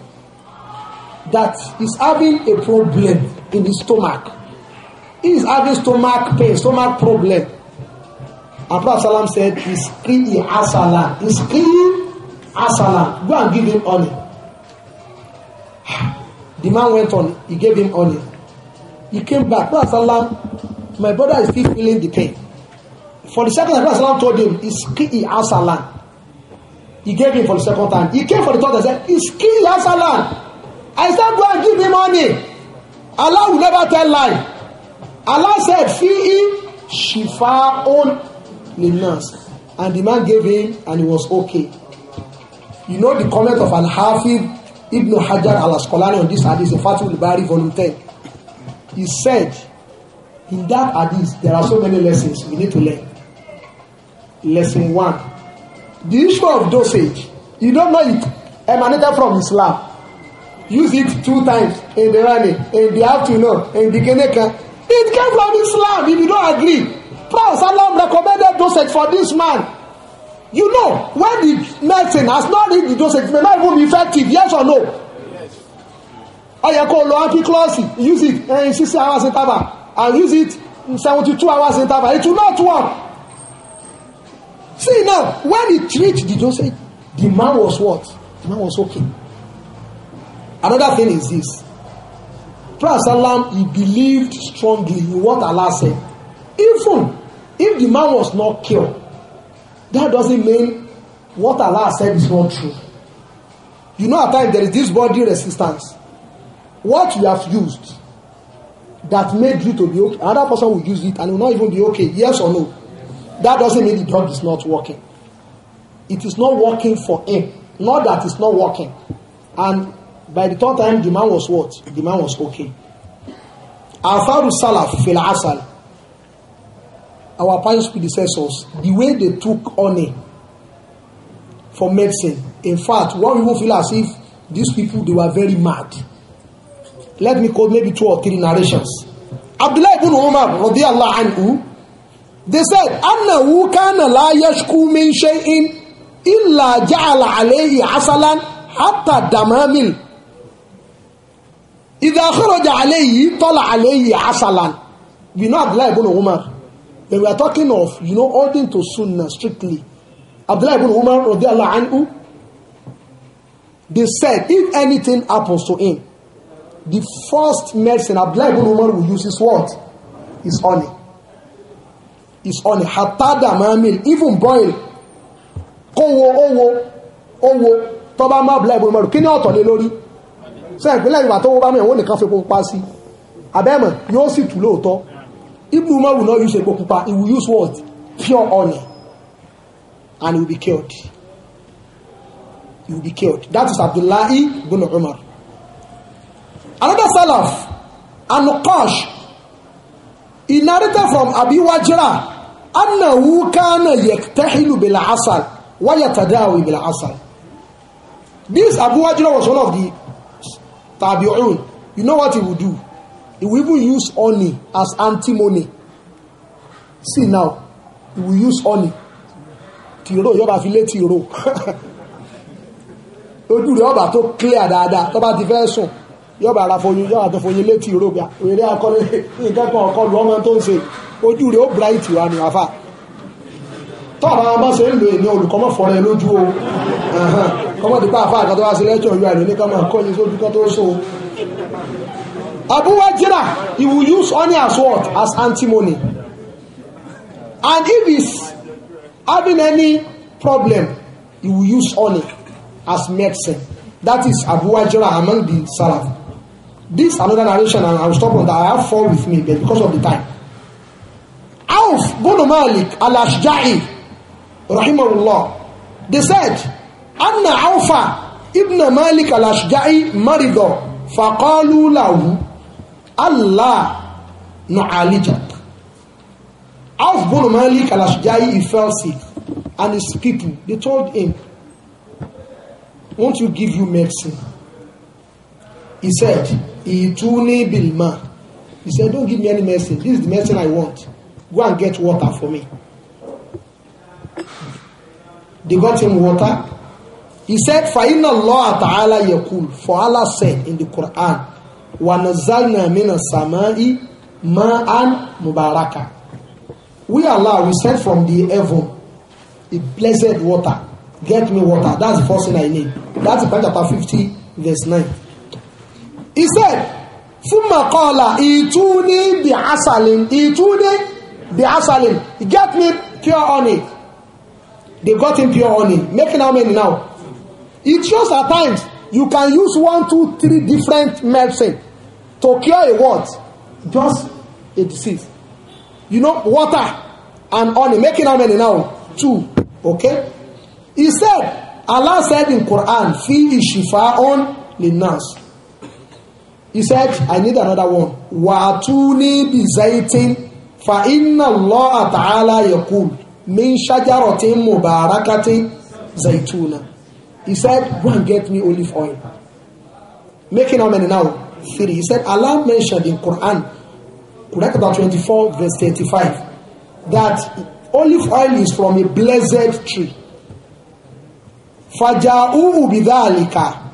A: that he's having a problem in his stomach he is having stomach pain stomach problem and prophet salam said he's clean asala, he's clean Asala, go and give him honey. The man went on, he gave him honey. He came back, Prophet my brother is still feeling the pain. For the second time, Prophet told him, Iski Asalan. He gave him for the second time. He came for the third time. said, Iski Asalan. I said, go and give him honey. Allah will never tell lie. Allah said, Fi'i on Linnas. And the man gave him, and he was okay. You know the comment of Al-Hafidh Ibn Hajar al-Asqalani on this hadith in Fatul Bari volume 10. He said, in that hadith, there are so many lessons we need to learn. Lesson one: The issue of dosage, you don't know it emanated from Islam. Use it two times in the morning, in the afternoon, in the Keneka. It came from Islam if you don't agree. Prophet Salam recommended dosage for this man You know, when the medicine has not reached the dosage, it may not even be effective, yes or no. Ó yẹ kó lo ampicloxy, use it eh, in sixty hours interval and use it in seventy-two hours interval. It will not work. See now, when he reached the dosage, the man was what? The man was okay. Another thing is this. Prophet Salam, he believed strongly in what Allah said. Even if the man was not cured, That doesn't mean what Allah said is not true. You know, at times there is this body resistance. What you have used that made you to be okay, another person will use it and will not even be okay, yes or no. That doesn't mean the drug is not working. It is not working for him. Not that it's not working. And by the third time, the man was what? The man was okay. Afaru Salaf fil Asal our pious predecessors, the way they took honey for medicine. In fact, one people feel as if these people they were very mad. Let me quote maybe two or three narrations. Abdullah ibn Umar radiallahu anhu, they said, أَنَّهُ كَانَ لَا يَشْكُو مِنْ شَيْءٍ إِلَّا جَعَلَ عَلَيْهِ عَسَلًا حَتَّى دَمَامِلْ إذا خرج عَلَيْهِ طَلَ عَلَيْهِ عسلا. We know Abdullah ibn Umar Then we are talking of, you know, holding to Sunnah strictly. Abdullah ibn Umar radiallahu anhu, they said, if anything happens to him, the first medicine Abdullah ibn Umar will use is what? Is honey. Is honey. Hatada ma'amil even boil. Kowo, owo, owo. Tọ́ba má Abdullah ibn Umar, kí ni ọ̀tọ̀ lé lórí? Sẹ́yìn ìpínlẹ̀ ìgbà tó wọ́n bá mẹ́rin, wọ́n nìkan fi kó pa sí. Abẹ́mọ̀ yóò sì tù lóòótọ́. Ibn Umar will not use a pupa. He will use what? Pure honey. And he will be killed. He will be killed. That is Abdullah ibn Umar. Another Salaf, Anuqash, he narrated from Abi Wajra, أنه كان يكتحل بالعسل bil asal." This Abu Wajra was one of the Tabi'un. You know what he would do? He will even use honey as antimony. See now, he will use honey. Tìró yóò bá fi lé tìró. <laughs> Ojú rẹ̀ ọba tó clear dáadáa tó bá ti fẹ́ sùn yóò bá ara foyin yóò àtọ́ foyin lé tìró gbà. Òyìnbó akọ́lé nǹkan kan ọkọ lu ọmọ tó ń ṣe. Ojú rẹ̀ ó bright wà ní àfà. Tọ́ àwọn ọmọ ṣe ń lo èmi olùkọ́ mọ́ fọ́nrẹ́ lójú o. Kọ́mọ́dé bá àfà àkàtọ́ wá sí lẹ́jọ̀ yóò àìlú ní ká máa kọ́ yín sójú kan tó sùn Abu Wajira, he will use honey as what? As antimony. And if he's having any problem, he will use honey as medicine. That is Abu Wajira among the Salaf. This another narration, and I'll stop on that. I have four with me, but because of the time. Auf bin Malik al-Ashja'i, rahimahullah, they said, Anna Aufa ibn Malik al-Ashja'i marido, faqalu lahu, Allah nu'alijak. Auf bin Malik al-Ashja'i, he fell sick. And his people, they told him, won't you give you medicine? He said, Ituni bilma. He said, don't give me any medicine. This is the medicine I want. Go and get water for me. They got him water. He said, فَإِنَّ اللَّهَ تَعَالَى يَقُولُ For Allah said in the Quran, وَنَزَّلْنَا مِنَ السَّمَاءِ مَاءً mubaraka. We Allah, we send from the heaven a blessed water. Get me water. That's the first thing I need. That's in chapter fifty verse nine. He said, ثُمَّ قَالَ إِتُونِي بِعَسَلٍ إِتُونِي بِعَسَلٍ Get me pure honey. They got him pure honey. Making how many now? It shows at times you can use one, two, three different medicine To cure a what? Just a disease. You know, water and honey, making how many now? Two. Okay? He said, Allah said in Quran, Fi ishifa'un linnas. He said, I need another one. Wa atuni bi zaitin fa inna Allah ta'ala yakul min shajaratin mubarakatin zaituna. He said, go and get me olive oil. Making how many now? 3. He said, Allah mentioned in Quran, Quran chapter 24, verse 35, that olive oil is from a blessed tree. Faja'u'u bidhalika.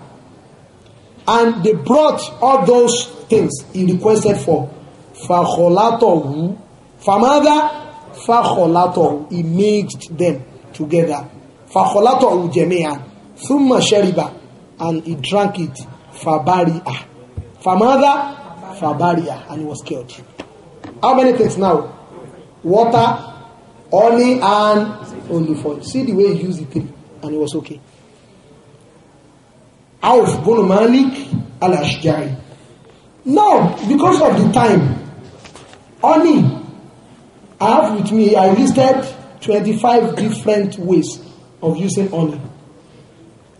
A: And they brought all those things he requested for. Fakholatohu. Famada fakholatohu. He mixed them together. Fakholatohu jemi'an. Thumma shariba. And he drank it. Fabari'ah For mother, for barrier, and he was killed. How many things now? Water, honey, and olive See the way he used the three, and it was okay. Auf bin Malik al Ashjari. Now, because of the time, honey, I have with me, I listed 25 different ways of using honey.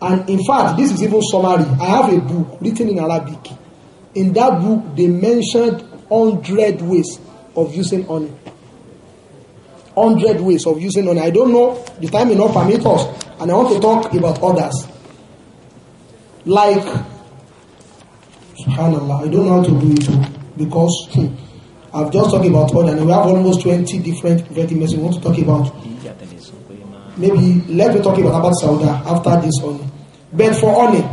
A: And in fact, this is even summary. I have a book written in Arabic in that book they mentioned 100 ways of using honey 100 ways of using honey i don't know the time enough not permit us and i want to talk about others like subhanallah i don't know how to do it because hmm, i've just talked about honey and we have almost 20 different remedies we want to talk about maybe let me talk about about sauda after this honey but for honey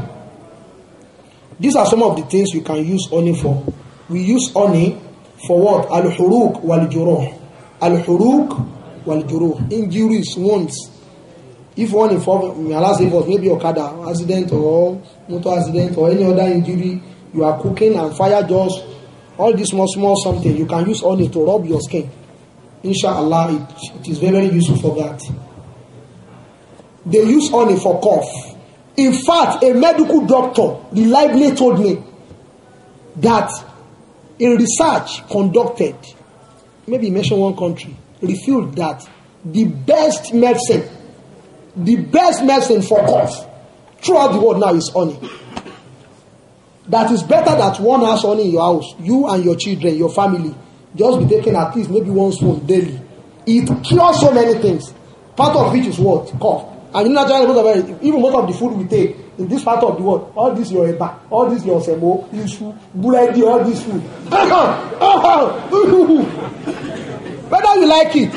A: These are some of the things we can use honey for. We use honey for what? al huruk wal-juruh. al huruk wal-juruh. Injuries, wounds. If one inform, may Allah save us, maybe Okada accident or motor accident or any other injury, you are cooking and fire just all this small, small something. You can use honey to rub your skin. Inshallah, it, it is very, very useful for that. They use honey for cough In fact, a medical doctor reliably told me that in research conducted, maybe mention one country, revealed that the best medicine, the best medicine for cough throughout the world now is honey. That is better that one has honey in your house, you and your children, your family, just be taking at least maybe one spoon daily. It cures so many things, part of which is what? Cough. And the natural most of it, even most of the food we take in this part of the world, all this your eba, all this your semo, iṣu, búrẹ́dì, all this food. <laughs> Whether you like it.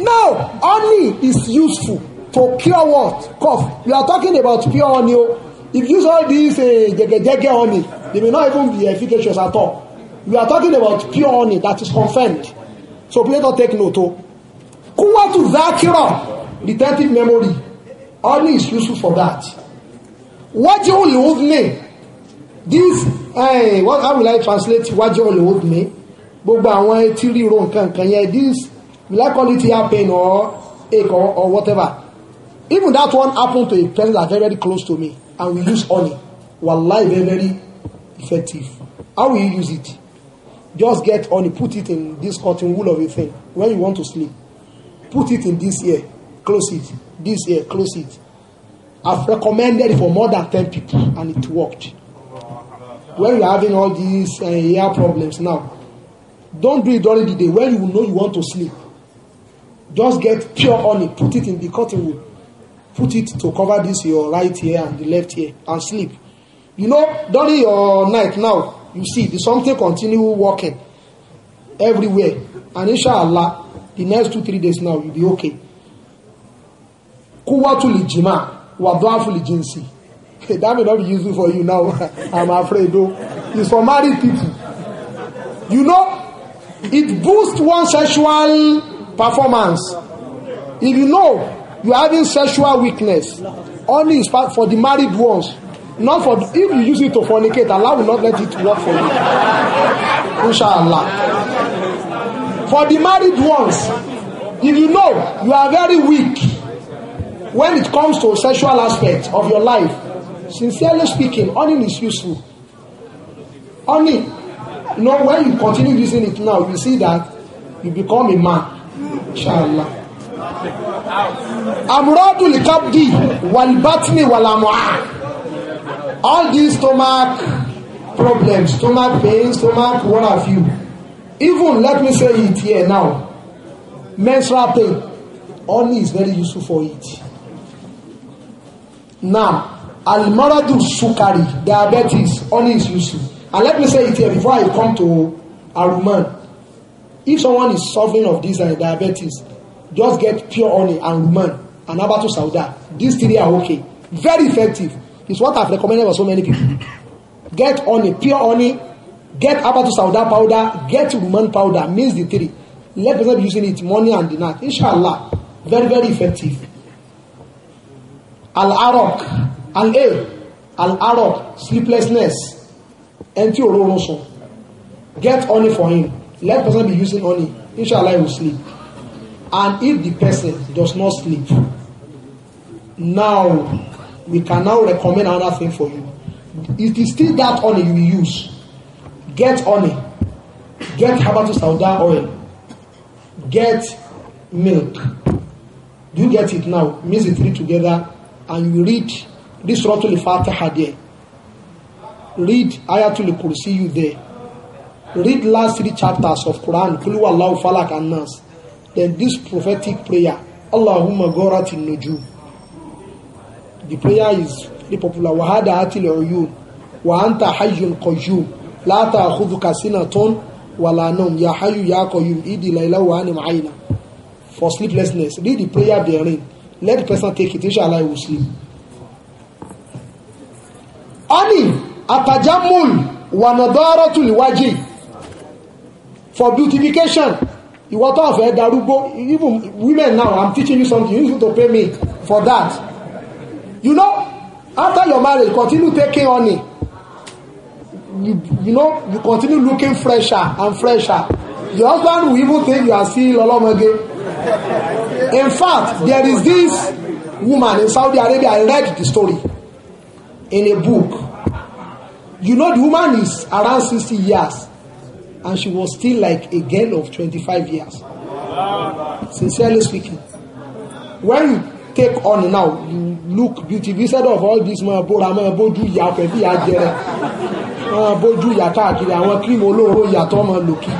A: No, honey is useful to cure what? Cough. We are talking about pure honey. If you use all these uh, jegejege honey, they may not even be efficacious at all. We are talking about pure honey that is confirmed. So please don't take note. Kuwa to zakira, retentive memory. Honey is useful for that. Wajhul udhni. This, uh, what, how will I translate wajhul udhni? Gbogbo àwọn etí ríro nǹkan kan yẹn. This, will I call it ear pain or ache or, or whatever? Even that one happened to a person that very, very close to me. And we use honey. Wallahi, very, very effective. How will you use it? Just get honey, put it in this cotton wool of a thing. When you want to sleep, put it in this ear, close it this year, close it. I've recommended for more than 10 people and it worked. When you're having all these uh, hair problems now, don't do it during the day when you know you want to sleep. Just get pure honey, put it in the cotton wool, put it to cover this your right ear and the left ear and sleep. You know, during your night now, you see the something continue working everywhere, and inshallah, the next two three days now you'll be okay kúwàtú lè jìmá wà dọ́àfù lè jìnsì okay that may not be useful for you now <laughs> i'm afraid though, it's for married people you know it boosts one sexual performance if you know you're having sexual weakness only is for the married ones not for if you use it to fornicate Allah will not let it work for you <laughs> inshallah for the married ones if you know you are very weak when it comes to sexual aspects of your life sincerely speaking honey is useful honey you know when you continue using it now you see that you become a man inshallah amradul kabdi wal batni wal all these stomach problems stomach pain stomach what have you even let me say it here now menstrual pain honey is very useful for it Now, Almaradu Sukari, diabetes, only is useful. And let me say it here before I come to Aruman. If someone is suffering of this uh, diabetes, just get pure honey and aruman and Abatu Sauda. These three are okay. Very effective. It's what I've recommended for so many people. Get honey, pure honey, get Abatu Sauda powder, get aruman powder, Means the three. Let me be using it morning and the night. Inshallah. Very, very effective al-arok al-air al-arok sleeplessness ẹni tí òróró get honey for him let person be using honey inshallah he will sleep and if the person does not sleep now we can now recommend another thing for you it is still that honey you use get honey get habatus sauda oil get milk do you get it now mix the three together and you read this Suratul Fatiha there. Read Ayatul Kursi you there. Read last three chapters of Quran, Kulu Allahu Falak and Nas. Then this prophetic prayer, Allahumma Gorat in Nuju. The prayer is very popular. Wahada Atil Uyun. Wa Anta Hayyun Qayyum. La Ta'khudhuka Sinatun Wala Nawm. Ya Hayyu Ya Qayyum. Idi Laila Wa Anim Aina. For sleeplessness. Read the prayer therein let the person take it inshallah he will sleep ani atajamul wanadaratul liwaji for beautification ìwọ tó fẹ́ darúgbó even women now i'm teaching you something you need to pay me for that you know after your marriage continue taking honey. you, you know you continue looking fresher and fresher your husband will even think you are still ọlọ́mọge In fact, there is this woman in Saudi Arabia, I read the story in a book. You know, the woman is around 60 years and she was still like a girl of 25 years. Sincerely speaking. When take on now you look beautiful instead of all this máa bóra máa bójú ìyá pẹ̀lú ìyá jẹrẹ máa bójú ìyá káàkiri àwọn cream olóró ìyàtọ̀ máa lò kí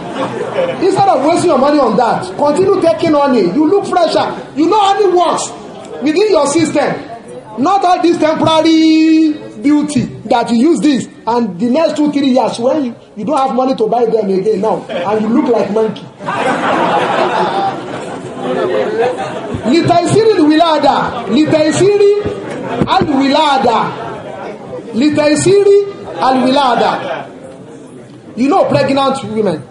A: instead of wasting your money on that continue taking on it you look fresher you know how it works within your system not all this temporary beauty that you use this and the next two three years when you, you don't have money to buy them again now and you look like monkey. <laughs> litaisiri wilada litaisiri alwilada litaisiri alwilada you know pregnant women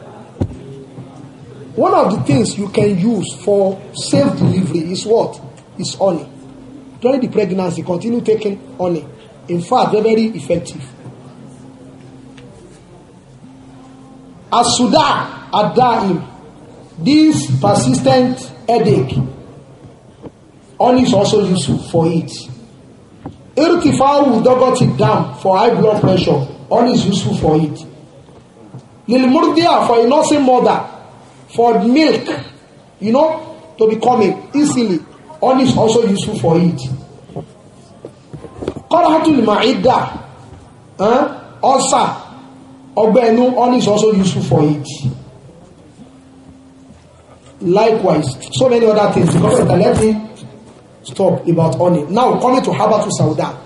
A: one of the things you can use for safe delivery is what is honey during the pregnancy continue taking honey in fact they're very effective asuda adaim this persistent headache. Honey is also useful for it. Irritable Irtifawu dogoti dam for high blood pressure. Honey is useful for it. Lilmurdia for a nursing mother. For milk, you know, to be coming easily. Honey is also useful for it. Kọ́láhátùlì màáídà ọ̀sà ọgbẹ́ ẹnu honey is also useful for it. Likewise, so many other things. The Prophet let me stop about honey. Now coming to Habatu Sauda.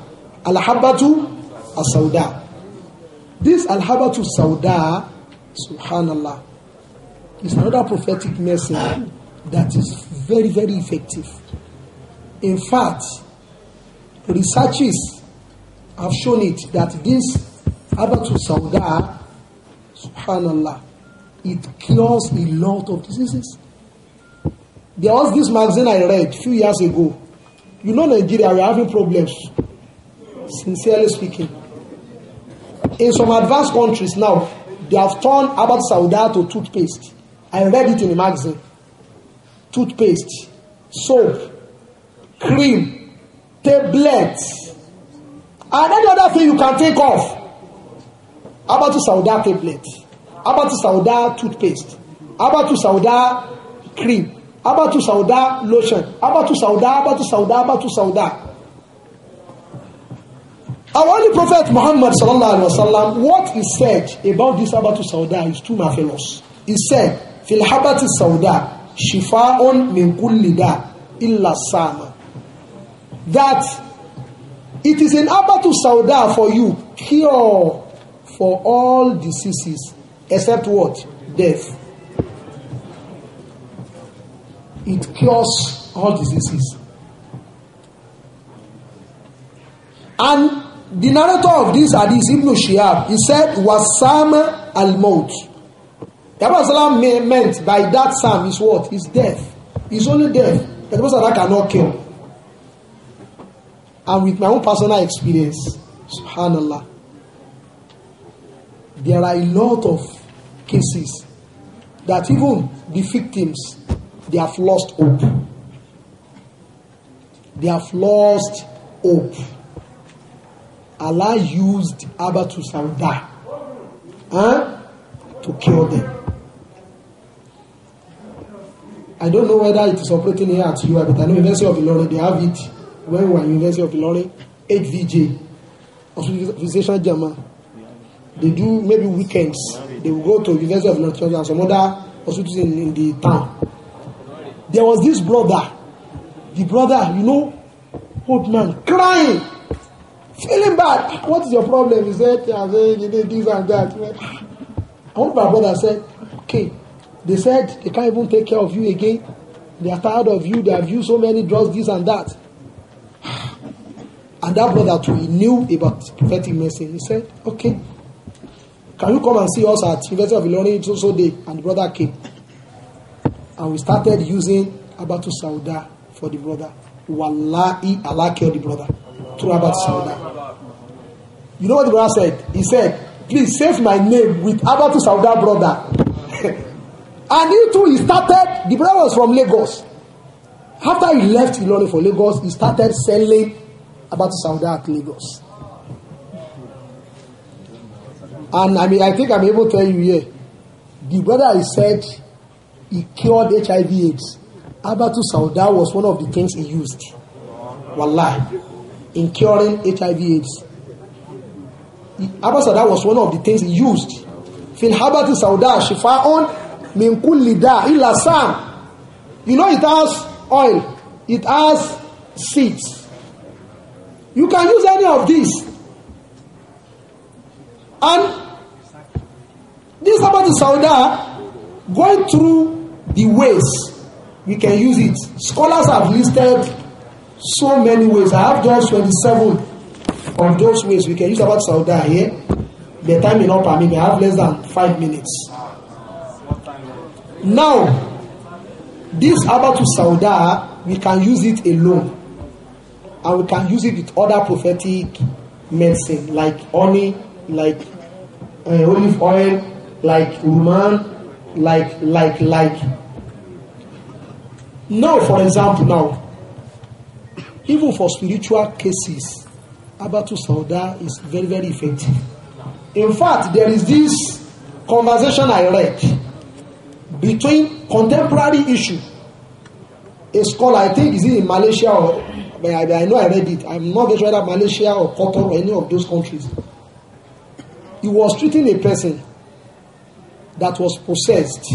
A: Al-Habatu sauda This Al-Habatu Sauda, subhanallah, is another prophetic message that is very, very effective. In fact, researchers have shown it that this Habatu Sauda, subhanallah, it cures a lot of diseases. There was this magazine I read a few years ago. You know Nigeria, we are having problems. Sincerely speaking. In some advanced countries now, they have turned about Sauda to toothpaste. I read it in a magazine. Toothpaste, soap, cream, tablets. And any other thing you can think of. About Sauda tablet. About Sauda toothpaste. About Sauda cream abatu sauda lotion abatu sauda abatu sauda abatu sauda our only prophet muhammad sallallahu alaihi wasallam what he said about this abatu sauda is too marvelous he said fil habati sauda shifa shifaun min kulli da illa sama that it is an abatu sauda for you cure for all diseases except what death it cures all diseases. And the narrator of this hadith, Ibn Shihab, he said, Wasama al Maut. The Prophet meant by that psalm is what? Is death. It's only death. The Prophet cannot kill. And with my own personal experience, subhanallah, there are a lot of cases that even the victims They have lost hope. They have lost hope. Allah used Abba to that, huh, to kill them. I don't know whether it is operating here at UI, but I know University of Ilorin, they have it. When we were University of Ilorin, HVJ, Association German, they do maybe weekends. They will go to University of Ilorin and some other hospitals in, in the town. There was this brother, the brother, you know, old man, crying, feeling bad. What is your problem? He said, I said you did this and that. One of my brother said, okay. They said they can't even take care of you again. They are tired of you. They have used so many drugs, this and that. <sighs> And that brother too, he knew about prophetic message. He said, okay, can you come and see us at University of Ilorin so so day? And the brother came and we started using Abatu Sauda for the brother. Wallahi, Allah killed the brother through Abatu Sauda. You know what the brother said? He said, Please save my name with Abatu Sauda brother. <laughs> and he too, he started, the brother was from Lagos. After he left Ilori for Lagos, he started selling Abatu Sauda at Lagos. And I mean, I think I'm able to tell you here. The brother, he said, he cured HIV AIDS. Abatu Sauda was one of the things he used. Wallahi. In curing HIV AIDS. Abatu Sauda was one of the things he used. Fil Habatu Sauda Shifa'un min kulli da illa sam. You know it has oil. It has seeds. You can use any of these. And this Abatu Sauda going through the ways we can use it. Scholars have listed so many ways. I have just 27 of those ways. We can use about Sauda here. The time is not permit me. I have less than five minutes. Now, this Abatu Sauda, we can use it alone. And we can use it with other prophetic medicine, like honey, like uh, olive oil, like woman, like, like, like. Now, for example, now, even for spiritual cases, Abatu Sauda is very, very effective. In fact, there is this conversation I read between contemporary issue. A scholar, I think, is it in Malaysia or I, I know I read it. I'm not sure whether Malaysia or Qatar or any of those countries. He was treating a person that was possessed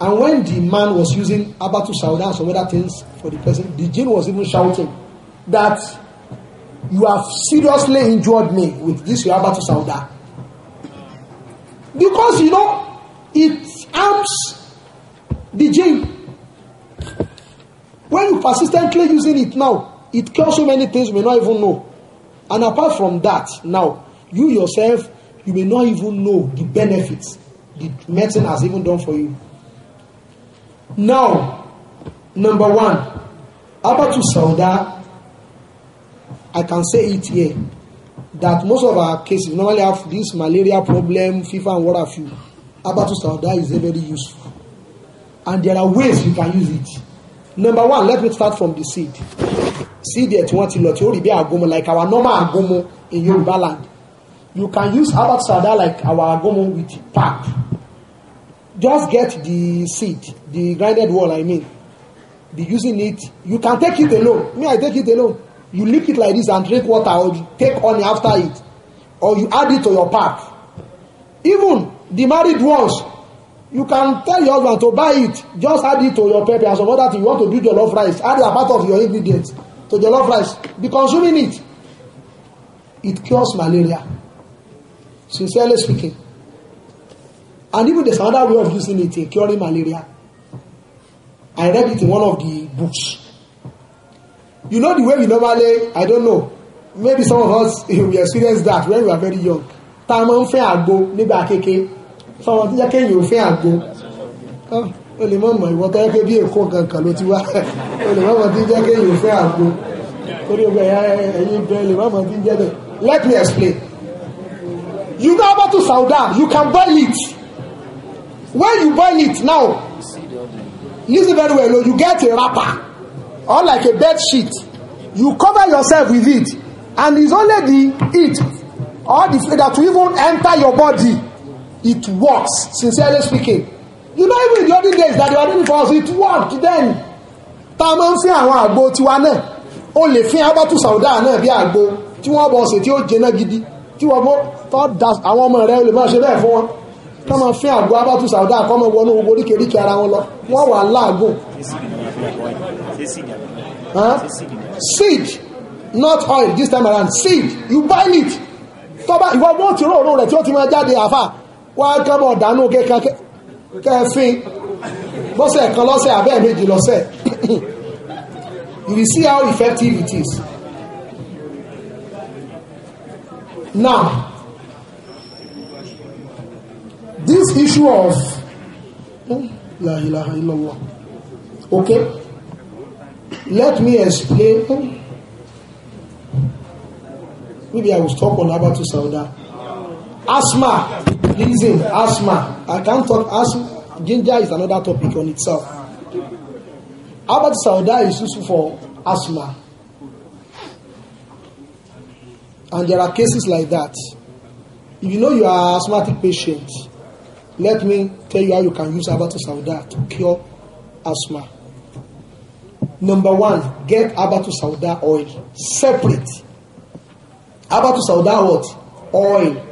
A: And when the man was using Abatu Sauda and some other things for the person, the jinn was even shouting that you have seriously injured me with this your Abatu Sauda. Because you know, it harms the jinn. When you persistently using it now, it kills so many things you may not even know. And apart from that, now, you yourself, you may not even know the benefits the medicine has even done for you. Now, number one, Abatu Sauda, I can say it here that most of our cases normally have this malaria problem, fever, and what have you. Abatu Sauda is very useful, and there are ways you can use it. Number one, let me start from the seed. Seed that one till lot, you be agomo like our normal agomo in Yoruba land. You can use Abatu Sauda like our agomo with pap just get the seed the grinded one i mean the using it you can take it alone me i take it alone you lick it like this and drink water or you take honey after it or you add it to your pack even the married ones you can tell your husband to buy it just add it to your pepper and some other thing you want to do love rice add a part of your ingredients to love rice be consuming it it cures malaria sincerely speaking And even there's another way of using it in eh, curing malaria. I read it in one of the books. You know the way we normally, I don't know, maybe some of us <laughs> we experience that when we are very young. Tá a máa ń fẹ́ nígbà kéke. Fọwọ́n tí jẹ́kẹ́ yìí ò fẹ́ àgbo. Ah, o lè mọ̀ mọ̀ ìwọ́n tó yẹ pé bí èkó kankan ló ti wá. <laughs> O lè mọ̀ mọ̀ tí jẹ́kẹ́ yìí ò fẹ́ àgbo. Torí ogun ẹ̀yà ẹ̀yìn bẹ́ẹ̀ lè mọ̀ mọ̀ tí jẹ́ bẹ́ẹ̀. Let me explain. You go over to Sauda, you can buy it. When you boil it now, listen very well, you get a wrapper or like a bed sheet. You cover yourself with it, and it's only the heat or the that will even enter your body. It works, sincerely speaking. You know, even in the olden days that you are doing for us, it worked then. Tá a máa ń fi àwọn àgbo tiwa náà, o lè fi abátú sauda náà bi àgbo ti wọ́n bọ̀ ṣe tí ó jẹ náà gidi, tí wọ́n bọ́ tọ́ da àwọn ọmọ rẹ̀ o lè máa ṣe bẹ́ẹ̀ fún wọn kọ́ máa fẹ́ àgọ́ abátú sàwùdá kọ́ máa wọnú owó oríkèéríkèé ara wọn lọ wọ́n wà láàgùn. seed not oil this time around seed you buy it tọ́ba ìwọ wọ́n ti róòró rẹ̀ tí ó ti máa jáde àfà wá kábọ̀ dànù kẹfin lọ́sẹ̀ kan lọ́sẹ̀ abẹ́ méjì lọ́sẹ̀ <coughs> you will see how effective it is now This issue of eh, La ilaha illallah. Okay? Let me explain. Eh. Maybe I will stop on Abba Sauda. Asthma. Listen, asthma. I can't talk asthma. Ginger is another topic on itself. Abba Sauda is useful for asthma. And there are cases like that. If you know you are asthmatic patient, Let me tell you how you can use Habatu Sauda to cure asthma. Number one, get Habatu Sauda oil separate. Habatu Sauda what? Oil.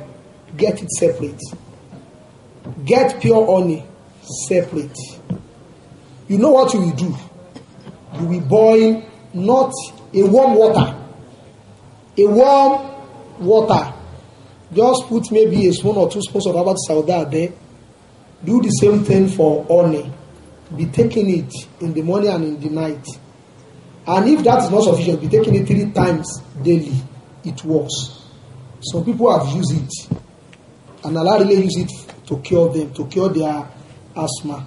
A: Get it separate. Get pure honey separate. You know what you will do? You will boil not a warm water, a warm water. Just put maybe a spoon or two spoons of Habatu Sauda there Do the same thing for honey. Be taking it in the morning and in the night. And if that is not sufficient, be taking it three times daily. It works. Some people have used it. And Allah really use it to cure them, to cure their asthma.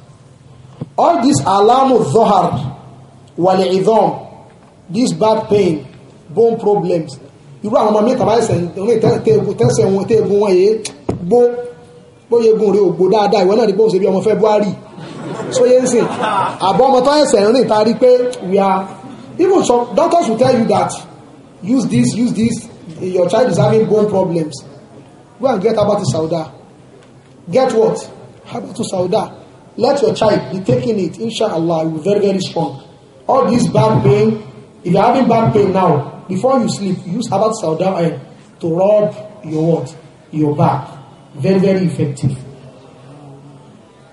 A: All this these alamu dhuhar, wal this bad pain, bone problems. Irú àwọn ọmọ mi kàbáyé sẹ́yìn, tẹ́sẹ̀ wọn tẹ́gun wọn yé gbó bóyá egun rẹ̀ ògbó dáadáa ìwọ náà rí bóun ṣe bí ọmọ February sóyè ń sìn ọmọ tó ẹsẹ̀ rìn ta rí pé we are even some doctors will tell you that use this use this your child is having bone problems go and get habatu sauda get what habatu sauda let your child be taking it inshallah you be very very strong all this back pain if you are having back pain now before you sleep use habatu sauda oil to rub your what your back very very effective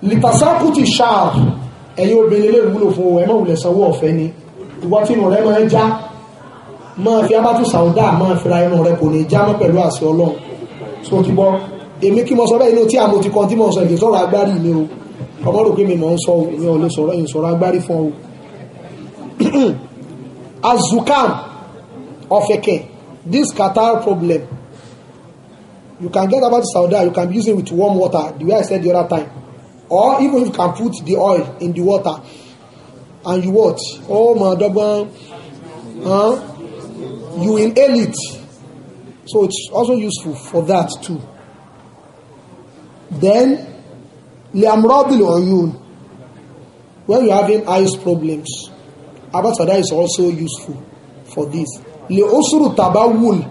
A: litasakuti ṣáàr ẹ̀yin obìnrin lè wúlò fún ọ ẹ má wulẹ̀ sanwó ọ̀fẹ́ ni ìwọ tí inú rẹ máa ń já máa fi abátú sàúdà máa fi ra inú rẹ kò ní já mọ́ pẹ̀lú àṣẹ ọlọ́run tó ti bọ́ èmi kí mo sọ bẹ́ẹ̀ inú tí àmọ́ ti kan tí mo sọ èdè sọ̀rọ̀ agbárí mi o ọmọ rò pé mi mọ̀ ń sọ èmi ò lè sọ̀rọ̀ èyí sọ̀rọ̀ agbárí fún ọ <clears throat> azukam ọ̀fẹ̀kẹ̀ this catarrh problem You can get about soda. you can use it with warm water, the way I said the other time. Or even if you can put the oil in the water and you what? Oh my double huh? you inhale it. So it's also useful for that too. Then liamrobil oyun. When you're having eyes problems, about sauda is also useful for this. Le usuru tabawul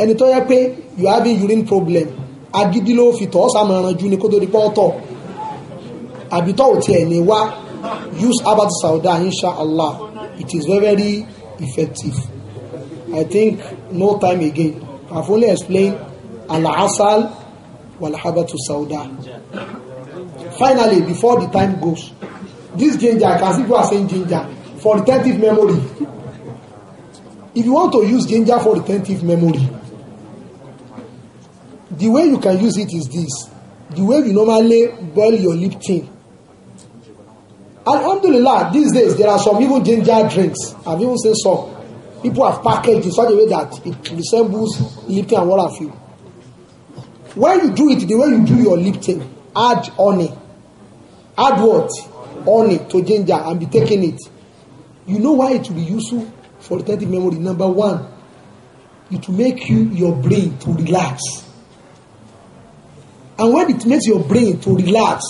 A: ẹni tó yẹ pé you have a urine problem agídí ló fi tọ́ sàmọ̀ràn ju ni kó tó di pọ́ọ̀tọ̀ àbí tọ́ ò tiẹ̀ ní wá use herbal sauda insha it is very very effective i think no time again i have only explained al-asal walhabatu sauda finally before the time goes this ginger i can see people are saying ginger for the retentive memory If you want to use ginger for retentive memory, the way you can use it is this. The way you normally boil your lip tin. Alhamdulillah, these days there are some even ginger drinks. I've even seen some. People have packaged in such a way that it resembles lip tin and what have you. When you do it, the way you do your lip tin, add honey. Add what? Honey to ginger and be taking it. You know why it will be useful? For Facultative memory number one it will make you your brain to relax and when it makes your brain to relax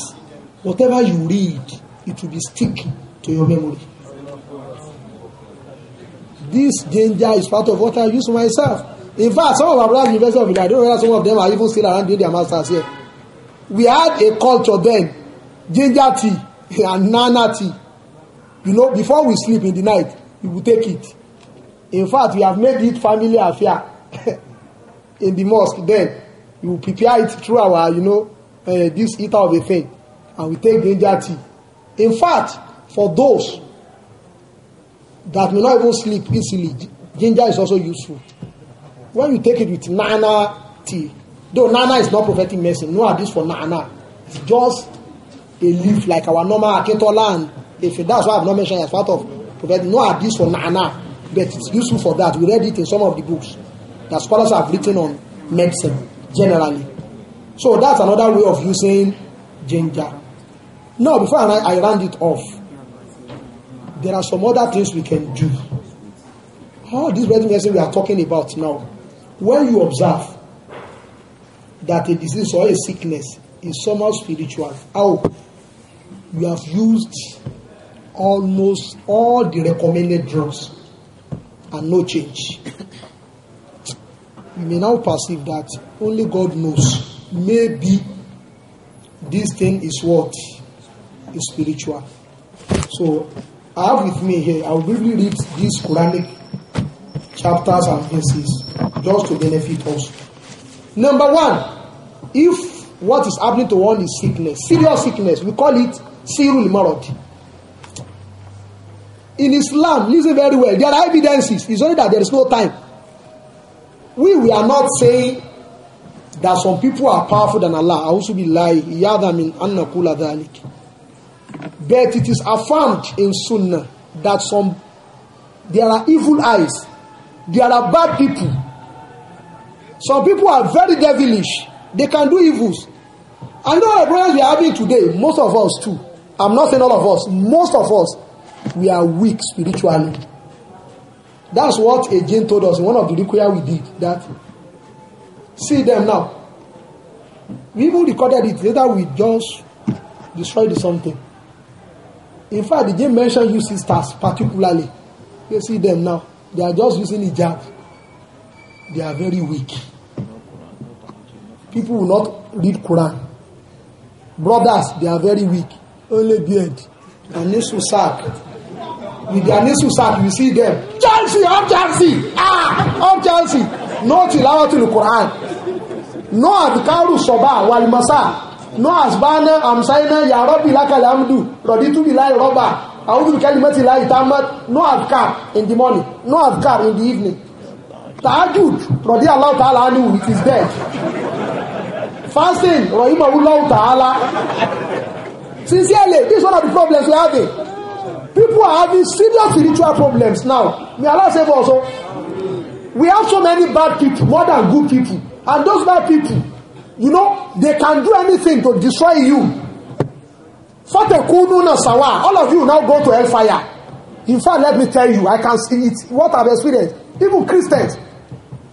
A: whatever you read it will be sticky to your memory this danger is part of what I use myself in fact some of our brothers university of Ibadan I don't realize some of them are even still around doing their masters here we had a culture then ginger tea <laughs> and nana tea you know before we sleep in the night we would take it In fact, we have made it family affair <laughs> in the mosque. Then you prepare it through our, you know, uh, this eater of a thing, and we take ginger tea. In fact, for those that may not even sleep easily, ginger is also useful. When you take it with nana tea, though nana is not prophetic medicine, no this for nana. It's just a leaf like our normal akintola and if that's why I've not mentioned as part of prophetic. No this for nana but it's useful for that. We read it in some of the books that scholars have written on medicine generally. So that's another way of using ginger. Now, before I, I round it off, there are some other things we can do. All oh, this breathing medicine we are talking about now, when you observe that a disease or a sickness is somehow spiritual, how you have used almost all the recommended drugs and no change. you may now perceive that only God knows. Maybe this thing is what is spiritual. So I have with me here, I will briefly read these Quranic chapters and verses just to benefit us. Number one, if what is happening to one is sickness, serious sickness, we call it sirul malady. In Islam, listen very well, there are evidences. It's only that there is no time. We, we are not saying that some people are powerful than Allah. I also be lying. But it is affirmed in Sunnah that some there are evil eyes, there are bad people. Some people are very devilish, they can do evils. I know the problems we are having today, most of us too. I'm not saying all of us, most of us we are weak spiritually. That's what Eugene told us in one of the require we did. That see them now. We even recorded it later. We just destroyed something. In fact, Eugene mentioned you sisters particularly. You see them now. They are just using hijab. They are very weak. People will not read Quran. Brothers, they are very weak. Only beard and nisu sack with their nasal sack you see them Chelsea up Chelsea ah up Chelsea no till the Quran no as adkaru soba wal masa no asbana amsaina ya rabbi lakal hamdu raditu billahi rabba a'udhu bi kalimati la tamat no as car in the morning no as car in the evening tahajjud radi Allah ta'ala anhu it is there fasting rahimahullah ta'ala sincerely this one of the problems we have. having People are having serious spiritual problems now. May Allah save us all. Oh. We have so many bad people, more than good people. And those bad people, you know, they can do anything to destroy you. na sawa. All of you now go to hellfire. In fact, let me tell you, I can see it. What I've experienced, even Christians,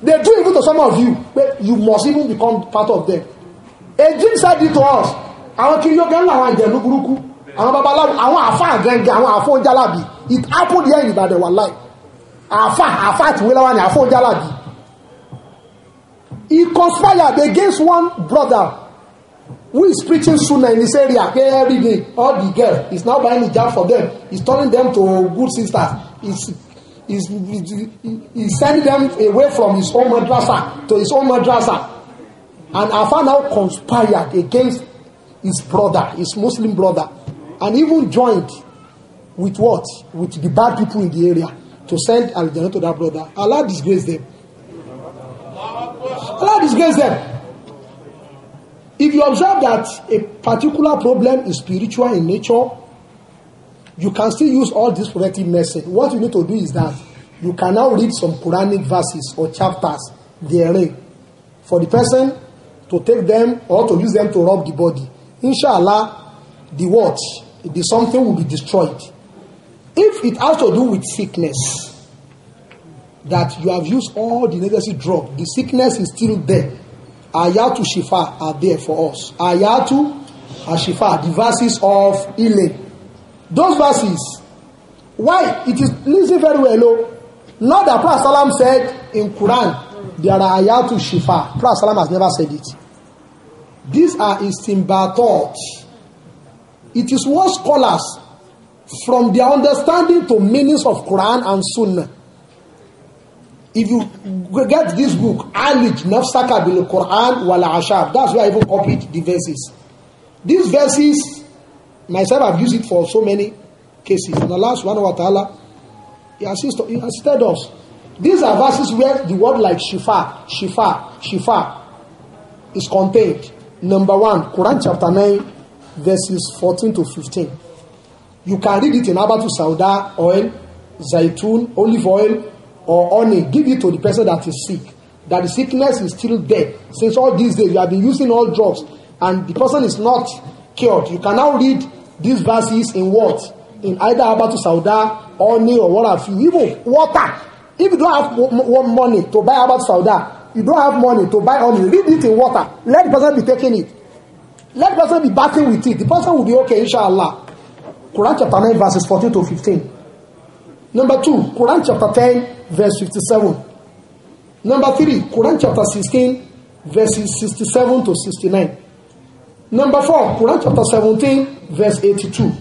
A: they do even to some of you, but you must even become part of them. A dream said it to us. Àwọn kiri yóò gẹ́gẹ́ àwọn àjẹ̀lú burúkú àwọn babaláwo àwọn àfa àgẹ́gẹ́ àwọn àfọ jálàbí it happened here in Ìbàdàn wà láì àfa àfa àtiwé láwa ni àfọ jálàbí he conspired against one brother who is preaching sunnah in this area every day all the girl is now buying hijab for them he's turning them to good sisters he's he's he's sending them away from his own madrasa to his own madrasa and afa now conspired against his brother his muslim brother and even joined with what? With the bad people in the area to send Al Jannah to that brother. Allah disgrace them. Allah disgrace them. If you observe that a particular problem is spiritual in nature, you can still use all this prophetic message. What you need to do is that you can now read some Quranic verses or chapters therein for the person to take them or to use them to rub the body. Inshallah, the what? the something will be destroyed. If it has to do with sickness, that you have used all the necessary drug, the sickness is still there. Ayatu Shifa are there for us. Ayatu Ashifa, the verses of healing. Those verses, why? It is, listen very well, oh. Not that Prophet Salam said in Quran, there are Ayatu Shifa. Prophet Salam has never said it. These are his thoughts It is what scholars, from their understanding to meanings of Quran and Sunnah, if you get this book, Alij Nafsaka bil Quran wal Ashab, that's where I even copied the verses. These verses, myself, I've used it for so many cases. And Allah subhanahu wa ta'ala, He, assist, he assisted us. These are verses where the word like Shifa, Shifa, Shifa is contained. Number one, Quran chapter 9, verses 14 to 15. You can read it in Abatu Sauda, oil, zaitun, olive oil, or honey. Give it to the person that is sick. That the sickness is still there. Since all these days, you have been using all drugs, and the person is not cured. You can now read these verses in what? In either Abatu Sauda, honey, or what have you. Even water. If you don't have one money to buy Abatu Sauda, you don't have money to buy honey, read it in water. Let the person be taking it Let the person be battling with it. The person will be okay, inshallah. Quran chapter 9, verses 14 to 15. Number 2, Quran chapter 10, verse 57. Number 3, Quran chapter 16, verses 67 to 69. Number 4, Quran chapter 17, verse 82.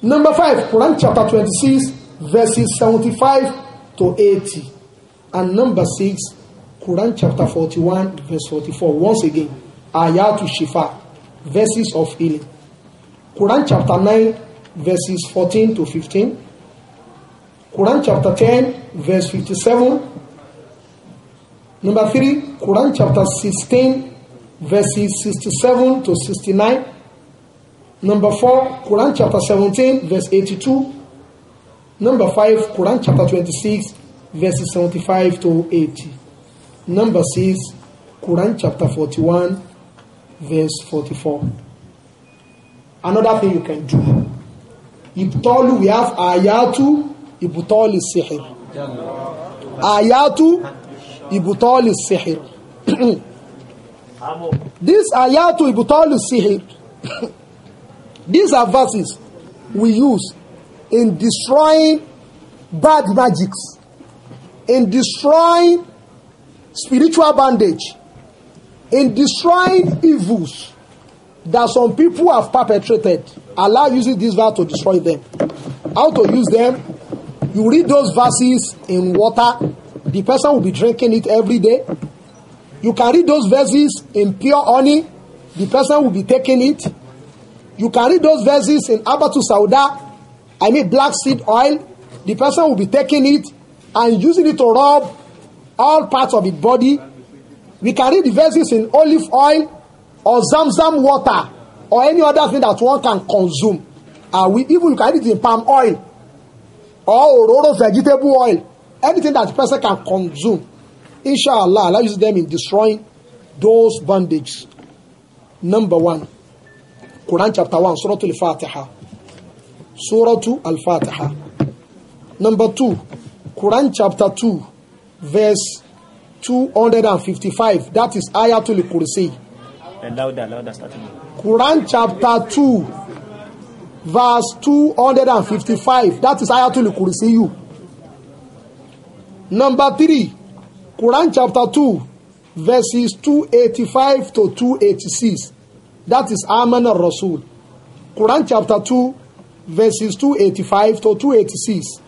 A: Number 5, Quran chapter 26, verses 75 to 80. And number 6, Quran chapter 41, verse 44. Once again, Ayatul Shifa verses of healing. Quran chapter 9, verses 14 to 15. Quran chapter 10, verse 57. Number 3, Quran chapter 16, verses 67 to 69. Number 4, Quran chapter 17, verse 82. Number 5, Quran chapter 26, verses 75 to 80. Number 6, Quran chapter 41, verse 44. Another thing you can do. Ibtolu, we have ayatu, ibtoli sihir. Ayatu, ibtoli sihir. <clears throat> This ayatu, ibtoli sihir. <clears throat> These are verses we use in destroying bad magics, in destroying spiritual bondage in destroying evils that some people have perpetrated, Allah uses this verse to destroy them. How to use them? You read those verses in water, the person will be drinking it every day. You can read those verses in pure honey, the person will be taking it. You can read those verses in Abatu Sauda, I mean black seed oil, the person will be taking it and using it to rub all parts of his body We can read the verses in olive oil or zamzam water or any other thing that one can consume. And we even can read it in palm oil or ororo vegetable oil. Anything that the person can consume. Inshallah, Allah uses them in destroying those bondages. Number one, Quran chapter one, Surah Al Fatiha. Surah Al Fatiha. Number two, Quran chapter two, verse 255 that is ayatul kursi louder, louder, quran chapter 2 verse 255 that is ayatul kursi you number 3 quran chapter 2 verses 285 to 286 that is aman rasul quran chapter 2 verses 285 to 286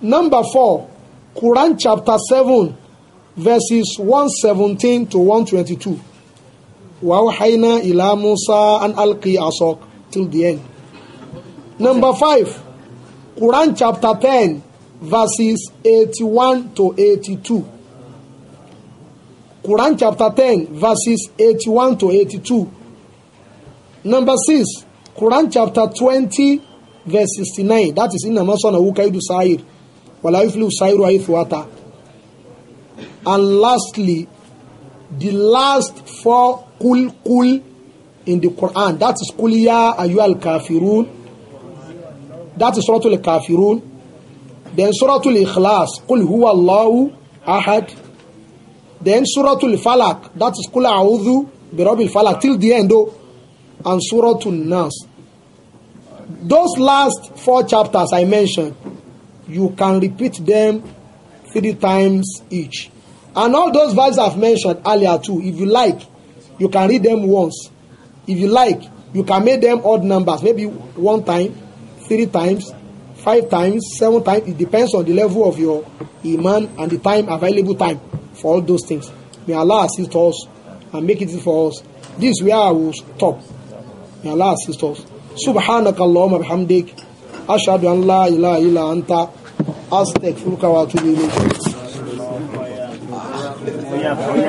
A: number 4 quran chapter 7 verses 117 to 122. وَأَوْحَيْنَا إِلَى مُوسَىٰ أَنْ أَلْقِ عَصَاكَ till the end. Number five, Quran chapter 10 verses 81 to 82. Quran chapter 10 verses 81 to 82. Number 6. Quran chapter 20 verse 69. That is in Namasana Wukaidu Sair. Wala yuflu Sairu Aithuata. And lastly, the last four kul kul in the Quran. That is kul ya al kafirun. That is suratul kafirun. Then suratul ikhlas. Kul huwa Allahu ahad. Then suratul falak. That is kul a'udhu birabil falak. Till the end though. And suratul nas. Those last four chapters I mentioned, you can repeat them three times each. And all those verses I've mentioned earlier too, if you like, you can read them once. If you like, you can make them odd numbers, maybe one time, three times, five times, seven times. It depends on the level of your iman and the time available time for all those things. May Allah assist us and make it for us. This is where I will stop. May Allah assist us. سبحانك اللهم بحمدك أشهد أن لا إله إلا أنت أستغفرك وأتوب إليك 对呀。